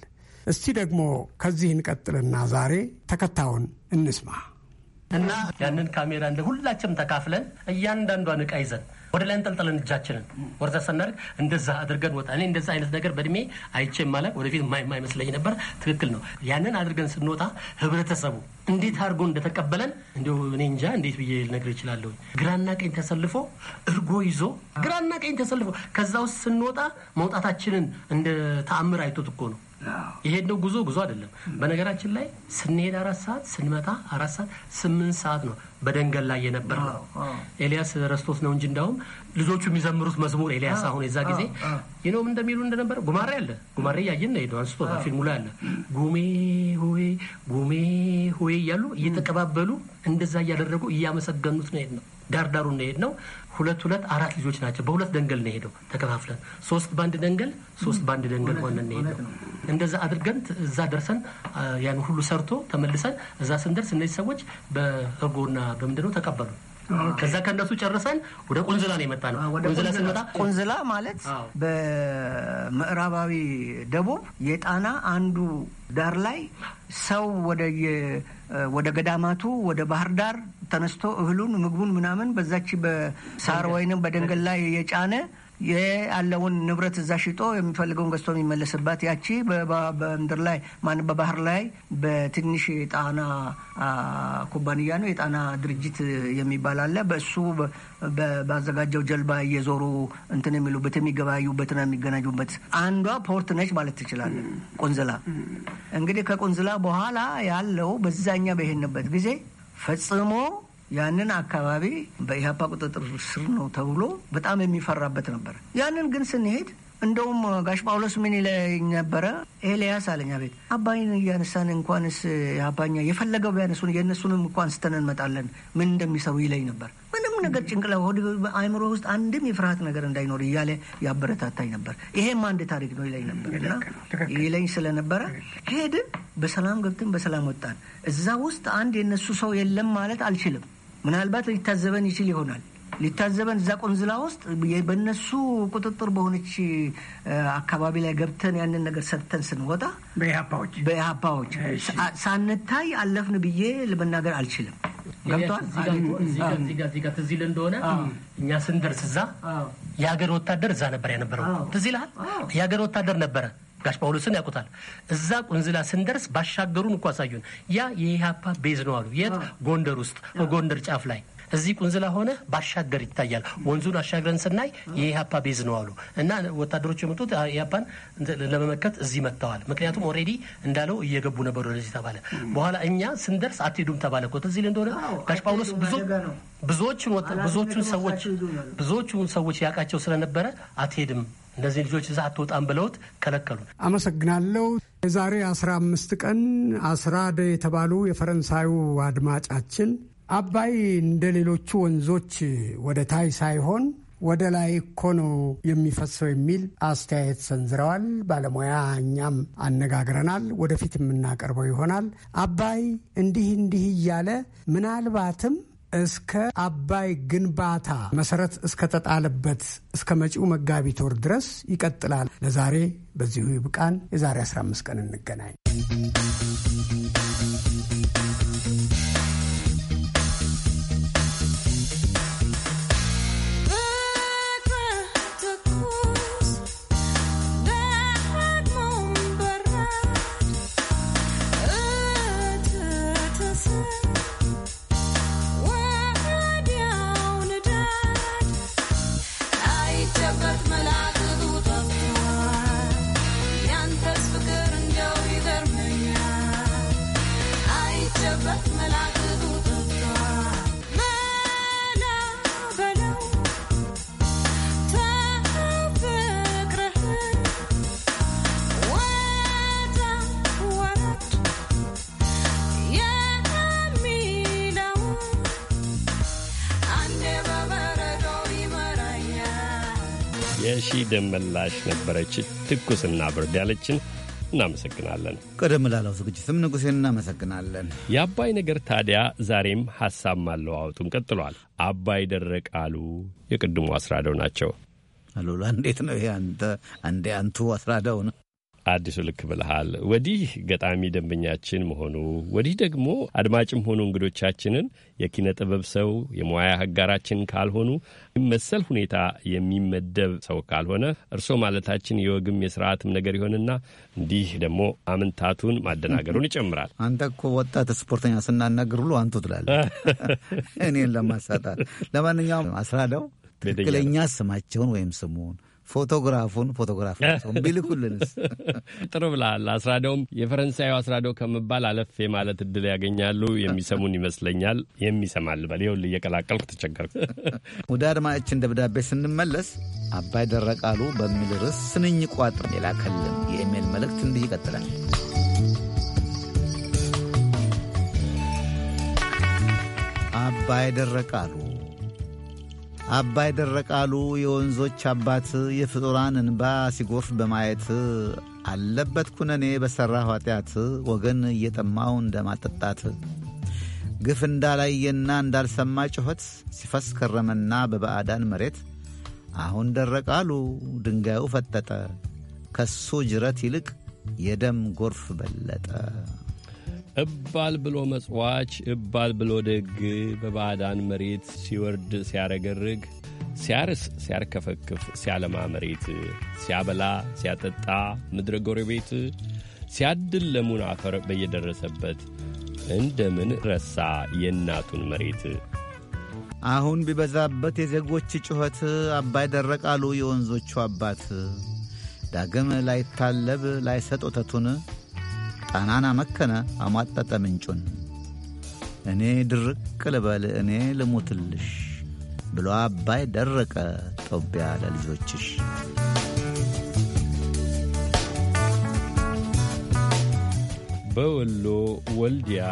እስቲ ደግሞ ከዚህ እንቀጥልና ዛሬ ተከታዩን እንስማ እና ያንን ካሜራ እንደ ሁላችንም ተካፍለን እያንዳንዷን ዕቃ ይዘን ወደ ላይ እንጠልጠለን እጃችንን ወርዘ ሰናደርግ እንደዛ አድርገን ወጣ። እኔ እንደዛ አይነት ነገር በእድሜ አይቼ ማላቅ ወደፊት ማይመስለኝ ነበር። ትክክል ነው። ያንን አድርገን ስንወጣ ህብረተሰቡ እንዴት አድርጎ እንደተቀበለን እንዲሁ እኔ እንጃ እንዴት ብዬ ልነግር ይችላለሁ። ግራና ቀኝ ተሰልፎ እርጎ ይዞ ግራና ቀኝ ተሰልፎ ከዛ ውስጥ ስንወጣ መውጣታችንን እንደ ተአምር አይቶት እኮ ነው የሄድነው። ጉዞ ጉዞ አይደለም በነገራችን ላይ ስንሄድ አራት ሰዓት ስንመጣ አራት ሰዓት ስምንት ሰዓት ነው። በደንገል ላይ የነበር ነው። ኤልያስ ረስቶት ነው እንጂ እንዳውም ልጆቹ የሚዘምሩት መዝሙር ኤልያስ አሁን የዛ ጊዜ ይነውም እንደሚሉ እንደነበረ ጉማሬ አለ። ጉማሬ እያየን ነው ሄደ አንስቶ ፊልሙ ላይ አለ። ጉሜ ሆይ ጉሜ ሆይ እያሉ እየተቀባበሉ እንደዛ እያደረጉ እያመሰገኑት ነው ሄድ ነው ዳርዳሩ ነው ሄድ ነው ሁለት ሁለት አራት ልጆች ናቸው። በሁለት ደንገል ነው የሄደው ተከፋፍለን፣ ሶስት በአንድ ደንገል ሶስት በአንድ ደንገል ሆነን ነው የሄደው። እንደዛ አድርገን እዛ ደርሰን ያን ሁሉ ሰርቶ ተመልሰን እዛ ስንደርስ እነዚህ ሰዎች በእርጎና በምንድነው ተቀበሉ። ከዛ ከእነሱ ጨርሰን ወደ ቁንዝላ ነው የመጣ ነው። ቁንዝላ ስንመጣ ቁንዝላ ማለት በምዕራባዊ ደቡብ የጣና አንዱ ዳር ላይ ሰው ወደ ገዳማቱ ወደ ባህር ዳር ተነስቶ እህሉን፣ ምግቡን ምናምን በዛች በሳር ወይንም በደንገል ላይ የጫነ ያለውን ንብረት እዛ ሽጦ የሚፈልገውን ገዝቶ የሚመለስባት ያቺ በምድር ላይ ማን በባህር ላይ በትንሽ የጣና ኩባንያ ነው የጣና ድርጅት የሚባል አለ። በእሱ ባዘጋጀው ጀልባ እየዞሩ እንትን የሚሉበት ነው የሚገናኙበት አንዷ ፖርት ነች ማለት ትችላለ። ቁንዝላ እንግዲህ ከቁንዝላ በኋላ ያለው በዛኛ በሄንበት ጊዜ ፈጽሞ ያንን አካባቢ በኢህአፓ ቁጥጥር ስር ነው ተብሎ በጣም የሚፈራበት ነበር። ያንን ግን ስንሄድ እንደውም ጋሽ ጳውሎስ ምን ይለኝ ነበረ? ኤልያስ አለኛ ቤት አባይን እያነሳን እንኳንስ አባኛ የፈለገው ቢያነሱን የእነሱንም እንኳን ስተን እንመጣለን ምን እንደሚሰሩ ይለኝ ነበር። ምንም ነገር ጭንቅላ አይምሮ ውስጥ አንድም የፍርሃት ነገር እንዳይኖር እያለ ያበረታታኝ ነበር። ይሄም አንድ ታሪክ ነው ይለኝ ነበር እና ይለኝ ስለነበረ ሄድን፣ በሰላም ገብትን፣ በሰላም ወጣን። እዛ ውስጥ አንድ የእነሱ ሰው የለም ማለት አልችልም። ምናልባት ሊታዘበን ይችል ይሆናል ሊታዘበን እዛ ቆንዝላ ውስጥ በነሱ ቁጥጥር በሆነች አካባቢ ላይ ገብተን ያንን ነገር ሰርተን ስንወጣ በኢህአፓዎች በኢህአፓዎች ሳንታይ አለፍን ብዬ ለመናገር አልችልም። ገብቷል። እዚህ ትዝ ይልህ እንደሆነ እኛ ስንደርስ እዛ የሀገር ወታደር እዛ ነበር ያነበረው። ትዝ ይልሃል? የሀገር ወታደር ነበረ ጋሽ ጳውሎስን ያውቁታል። እዛ ቁንዝላ ስንደርስ ባሻገሩን እኳ አሳዩን። ያ የኢህአፓ ቤዝ ነው አሉ። የት? ጎንደር ውስጥ ጎንደር ጫፍ ላይ እዚህ ቁንዝላ ሆነ ባሻገር ይታያል። ወንዙን አሻግረን ስናይ የኢህአፓ ቤዝ ነው አሉ እና ወታደሮች የመጡት ኢህአፓን ለመመከት እዚህ መጥተዋል። ምክንያቱም ኦልሬዲ እንዳለው እየገቡ ነበር ወደዚህ ተባለ። በኋላ እኛ ስንደርስ አትሄዱም ተባለ እኮ እዚህ እንደሆነ ጋሽ ጳውሎስ ብዙ ብዙዎቹን ሰዎች ብዙዎቹን ሰዎች ያውቃቸው ስለነበረ አትሄድም እነዚህ ልጆች እዛ አትወጣም ብለውት ከለከሉ። አመሰግናለሁ። የዛሬ አስራ አምስት ቀን አስራድ የተባሉ የፈረንሳዩ አድማጫችን አባይ እንደ ሌሎቹ ወንዞች ወደ ታይ ሳይሆን ወደ ላይ እኮ ነው የሚፈሰው የሚል አስተያየት ሰንዝረዋል። ባለሙያ እኛም አነጋግረናል። ወደፊት የምናቀርበው ይሆናል። አባይ እንዲህ እንዲህ እያለ ምናልባትም እስከ አባይ ግንባታ መሰረት እስከተጣለበት እስከ መጪው መጋቢት ወር ድረስ ይቀጥላል። ለዛሬ በዚሁ ይብቃን። የዛሬ 15 ቀን እንገናኝ። የሺ ደመላሽ ነበረች ትኩስና ብርድ ያለችን። እናመሰግናለን። ቀደም ላለው ዝግጅትም ንጉሴን እናመሰግናለን። የአባይ ነገር ታዲያ ዛሬም ሐሳብ ማለዋወጡን ቀጥሏል። አባይ ደረቅ አሉ የቅድሙ አስራደው ናቸው። አሉላ እንዴት ነው ይሄ አንተ አንዴ አንቱ አስራደው ነው አዲሱ ልክ ብልሃል። ወዲህ ገጣሚ ደንበኛችን መሆኑ ወዲህ ደግሞ አድማጭም ሆኑ እንግዶቻችንን የኪነ ጥበብ ሰው የሙያ ህጋራችን ካልሆኑ መሰል ሁኔታ የሚመደብ ሰው ካልሆነ እርስዎ ማለታችን የወግም የስርዓትም ነገር ይሆንና እንዲህ ደግሞ አምንታቱን ማደናገሩን ይጨምራል። አንተ እኮ ወጣት ስፖርተኛ ስናናገር ሁሉ አንቱ ትላለ እኔን ለማሳጣት። ለማንኛውም አስራደው ትክክለኛ ስማቸውን ወይም ስሙን ፎቶግራፉን ፎቶግራፍ ቢልኩልንስ ጥሩ ብላል። አስራደውም የፈረንሳዩ አስራደው ከመባል አለፍ ማለት እድል ያገኛሉ። የሚሰሙን ይመስለኛል። የሚሰማል በል ይኸውልህ፣ እየቀላቀልኩ ተቸገርኩ። ወደ አድማጭን ደብዳቤ ስንመለስ አባይ ደረቃሉ በሚል ርዕስ ስንኝ ቋጥር የላከልን የኢሜል መልእክት እንዲህ ይቀጥላል። አባይ ደረቃሉ አባይ ደረቃሉ የወንዞች አባት የፍጡራን እንባ ሲጎርፍ በማየት አለበት ኩነኔ በሠራ ኃጢአት ወገን እየጠማው እንደማጠጣት ግፍ እንዳላየና እንዳልሰማ ጩኸት ሲፈስ ከረመና በባዕዳን መሬት አሁን ደረቃሉ ድንጋዩ ፈጠጠ ከሱ ጅረት ይልቅ የደም ጎርፍ በለጠ። እባል ብሎ መጽዋች እባል ብሎ ደግ በባዕዳን መሬት ሲወርድ ሲያረገርግ ሲያርስ ሲያርከፈክፍ ሲያለማ መሬት ሲያበላ ሲያጠጣ ምድረ ጎረቤት ሲያድል ለሙን አፈር በየደረሰበት እንደምን ረሳ የእናቱን መሬት። አሁን ቢበዛበት የዜጎች ጩኸት አባይ ደረቃሉ የወንዞቹ አባት ዳግም ላይታለብ ላይሰጥ ወተቱን ጣናና መከነ አሟጠጠ ምንጩን እኔ ድርቅ ልበል እኔ ልሙትልሽ ብሎ አባይ ደረቀ ጦቢያ ለልጆችሽ በወሎ ወልዲያ፣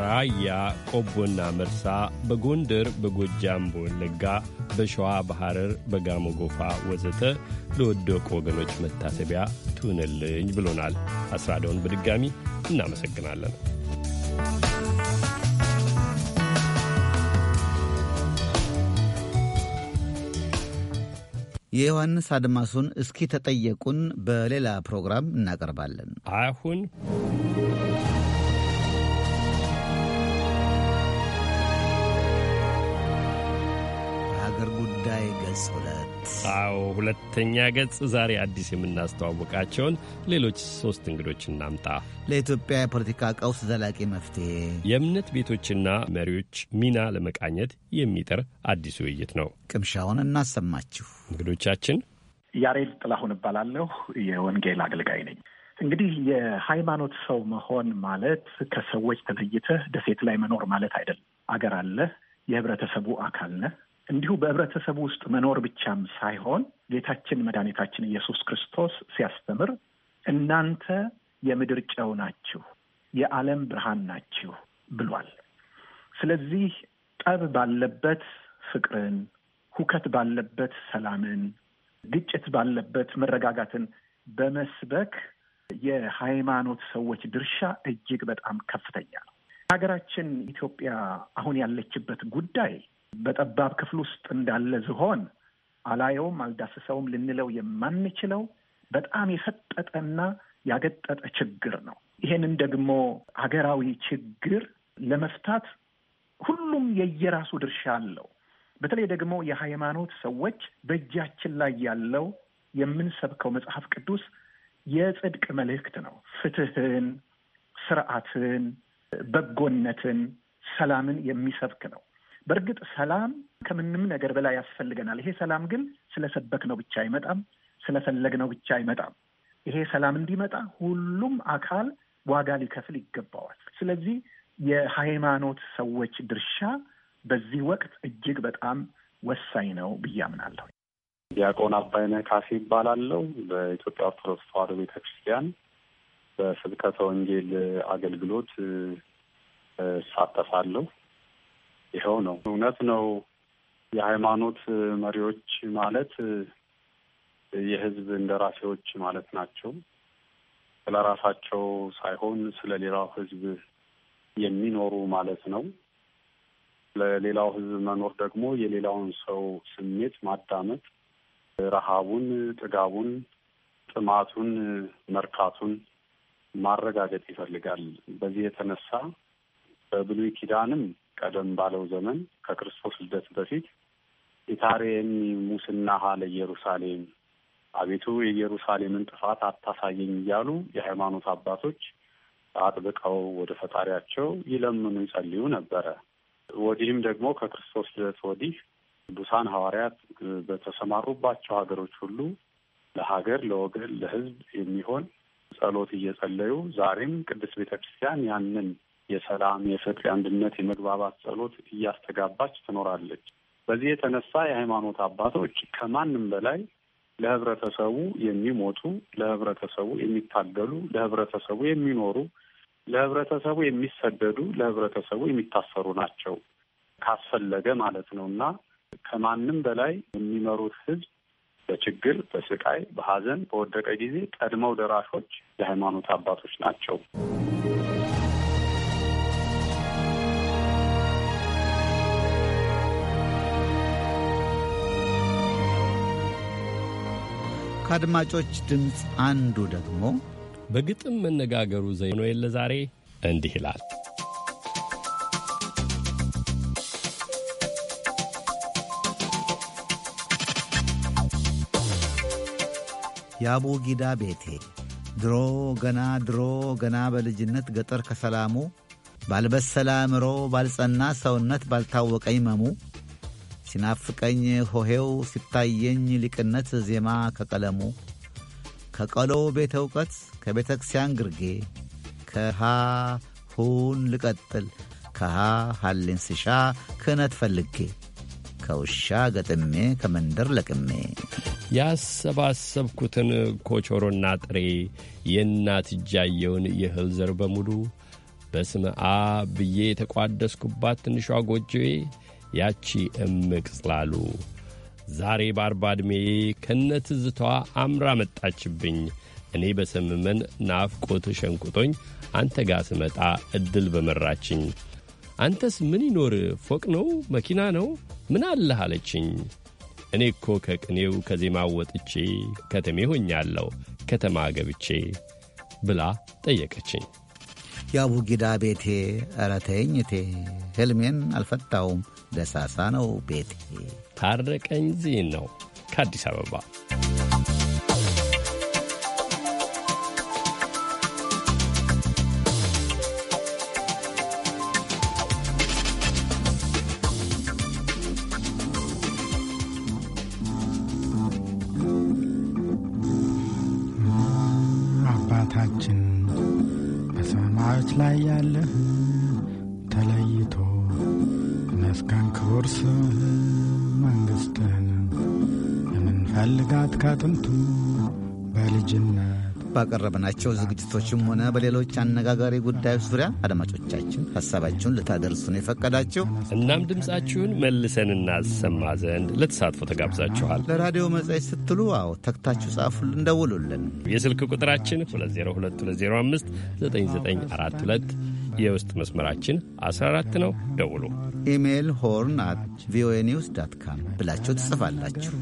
ራያ፣ ቆቦና መርሳ፣ በጎንደር፣ በጎጃም፣ በወለጋ፣ በሸዋ በሐረር፣ በጋሞ ጎፋ ወዘተ ለወደቁ ወገኖች መታሰቢያ ትሁንልኝ ብሎናል። አስራደውን በድጋሚ እናመሰግናለን። የዮሐንስ አድማሱን እስኪ ተጠየቁን በሌላ ፕሮግራም እናቀርባለን። አሁን ገጽ ሁለት። አዎ ሁለተኛ ገጽ ዛሬ አዲስ የምናስተዋውቃቸውን ሌሎች ሶስት እንግዶች እናምጣ። ለኢትዮጵያ የፖለቲካ ቀውስ ዘላቂ መፍትሄ የእምነት ቤቶችና መሪዎች ሚና ለመቃኘት የሚጥር አዲስ ውይይት ነው። ቅምሻውን እናሰማችሁ። እንግዶቻችን ያሬድ ጥላሁን እባላለሁ። የወንጌል አገልጋይ ነኝ። እንግዲህ የሃይማኖት ሰው መሆን ማለት ከሰዎች ተለይተህ ደሴት ላይ መኖር ማለት አይደለም። አገር አለ፣ የህብረተሰቡ አካል ነህ። እንዲሁ በህብረተሰቡ ውስጥ መኖር ብቻም ሳይሆን ጌታችን መድኃኒታችን ኢየሱስ ክርስቶስ ሲያስተምር እናንተ የምድር ጨው ናችሁ፣ የዓለም ብርሃን ናችሁ ብሏል። ስለዚህ ጠብ ባለበት ፍቅርን፣ ሁከት ባለበት ሰላምን፣ ግጭት ባለበት መረጋጋትን በመስበክ የሃይማኖት ሰዎች ድርሻ እጅግ በጣም ከፍተኛ ነው። ሀገራችን ኢትዮጵያ አሁን ያለችበት ጉዳይ በጠባብ ክፍል ውስጥ እንዳለ ዝሆን አላየውም፣ አልዳስሰውም ልንለው የማንችለው በጣም የሰጠጠና ያገጠጠ ችግር ነው። ይሄንን ደግሞ ሀገራዊ ችግር ለመፍታት ሁሉም የየራሱ ድርሻ አለው። በተለይ ደግሞ የሃይማኖት ሰዎች በእጃችን ላይ ያለው የምንሰብከው መጽሐፍ ቅዱስ የጽድቅ መልእክት ነው። ፍትህን፣ ስርዓትን፣ በጎነትን፣ ሰላምን የሚሰብክ ነው። በእርግጥ ሰላም ከምንም ነገር በላይ ያስፈልገናል። ይሄ ሰላም ግን ስለሰበክ ነው ብቻ አይመጣም፣ ስለፈለግ ነው ብቻ አይመጣም። ይሄ ሰላም እንዲመጣ ሁሉም አካል ዋጋ ሊከፍል ይገባዋል። ስለዚህ የሃይማኖት ሰዎች ድርሻ በዚህ ወቅት እጅግ በጣም ወሳኝ ነው ብዬ አምናለሁ። ዲያቆን አባይነህ ካሴ ይባላለሁ። በኢትዮጵያ ኦርቶዶክስ ተዋህዶ ቤተክርስቲያን በስብከተ ወንጌል አገልግሎት እሳተፋለሁ። ይኸው ነው። እውነት ነው። የሃይማኖት መሪዎች ማለት የህዝብ እንደራሴዎች ማለት ናቸው። ስለ ራሳቸው ሳይሆን ስለ ሌላው ህዝብ የሚኖሩ ማለት ነው። ለሌላው ህዝብ መኖር ደግሞ የሌላውን ሰው ስሜት ማዳመጥ፣ ረሃቡን፣ ጥጋቡን፣ ጥማቱን፣ መርካቱን ማረጋገጥ ይፈልጋል። በዚህ የተነሳ በብሉይ ኪዳንም ቀደም ባለው ዘመን ከክርስቶስ ልደት በፊት ኢታሬኒ ሙስናሃ ለኢየሩሳሌም፣ አቤቱ የኢየሩሳሌምን ጥፋት አታሳየኝ እያሉ የሃይማኖት አባቶች አጥብቀው ወደ ፈጣሪያቸው ይለምኑ ይጸልዩ ነበረ። ወዲህም ደግሞ ከክርስቶስ ልደት ወዲህ ቅዱሳን ሐዋርያት በተሰማሩባቸው ሀገሮች ሁሉ ለሀገር፣ ለወገን፣ ለሕዝብ የሚሆን ጸሎት እየጸለዩ ዛሬም ቅድስት ቤተ ክርስቲያን ያንን የሰላም፣ የፍቅር፣ የአንድነት፣ የመግባባት ጸሎት እያስተጋባች ትኖራለች። በዚህ የተነሳ የሃይማኖት አባቶች ከማንም በላይ ለህብረተሰቡ የሚሞቱ፣ ለህብረተሰቡ የሚታገሉ፣ ለህብረተሰቡ የሚኖሩ፣ ለህብረተሰቡ የሚሰደዱ፣ ለህብረተሰቡ የሚታሰሩ ናቸው ካስፈለገ ማለት ነው እና ከማንም በላይ የሚመሩት ህዝብ በችግር፣ በስቃይ፣ በሀዘን በወደቀ ጊዜ ቀድመው ደራሾች የሃይማኖት አባቶች ናቸው። ከአድማጮች ድምፅ አንዱ ደግሞ በግጥም መነጋገሩ ዘይኖ የለ ዛሬ እንዲህ ይላል። የአቡጊዳ ቤቴ ድሮ ገና ድሮ ገና በልጅነት ገጠር ከሰላሙ ባልበሰለ አእምሮ ባልጸና ሰውነት ባልታወቀ ይመሙ ሲናፍቀኝ ሆሄው ሲታየኝ ሊቅነት ዜማ ከቀለሙ ከቀሎው ቤተ እውቀት ከቤተ ክርስቲያን ግርጌ ከሃ ሁን ልቀጥል ከሃ ሀሌን ስሻ ክህነት ፈልጌ ከውሻ ገጥሜ ከመንደር ለቅሜ ያሰባሰብኩትን ኮቾሮና ጥሬ የእናት እጃየውን የእህል ዘር በሙሉ በስም አብ ብዬ የተቋደስኩባት ትንሿ ጎጆዬ ያቺ እምቅ ጽላሉ ዛሬ በአርባ ዕድሜዬ ከነ አምራ መጣችብኝ። እኔ በሰምመን ናፍቆት ሸንቁጦኝ አንተ ጋ ስመጣ ዕድል በመራችኝ። አንተስ ምን ይኖር ፎቅ ነው መኪና ነው ምን አለህ አለችኝ። እኔ እኮ ከቅኔው ከዜማ ወጥቼ ከተሜ ሆኛለሁ ከተማ ገብቼ ብላ ጠየቀችኝ። ያቡጊዳ ቤቴ ኧረ ተይኝቴ ሕልሜን አልፈታውም ደሳሳ ነው ቤቴ ታረቀኝ ዜን ነው ከአዲስ አበባ ባቀረብናቸው ዝግጅቶችም ሆነ በሌሎች አነጋጋሪ ጉዳዮች ዙሪያ አድማጮቻችን ሀሳባችሁን ልታደርሱን የፈቀዳችሁ እናም ድምፃችሁን መልሰን እናሰማ ዘንድ ለተሳትፎ ተጋብዛችኋል። ለራዲዮ መጽሔት ስትሉ አዎ ተክታችሁ ጻፉልን፣ እንደውሉልን። የስልክ ቁጥራችን 2022059942 የውስጥ መስመራችን 14 ነው። ደውሉ። ኢሜይል ሆርን አት ቪኦኤ ኒውስ ዳት ካም ብላችሁ ትጽፋላችሁ።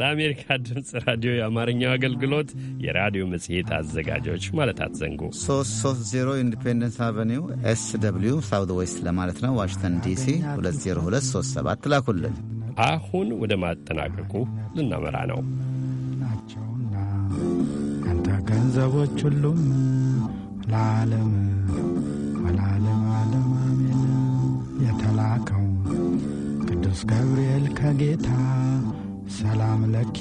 ለአሜሪካ ድምፅ ራዲዮ የአማርኛው አገልግሎት የራዲዮ መጽሔት አዘጋጆች ማለት አትዘንጉ። 330 ኢንዲፔንደንስ አቨኒው ኤስ ደብልዩ ሳውት ዌስት ለማለት ነው፣ ዋሽንግተን ዲሲ 20237 ላኩልን። አሁን ወደ ማጠናቀቁ ልናመራ ነው አንተ ገንዘቦች ሁሉም ለዓለም ወላለም ዓለም አሜን የተላከው ቅዱስ ገብርኤል ከጌታ ሰላም ለኪ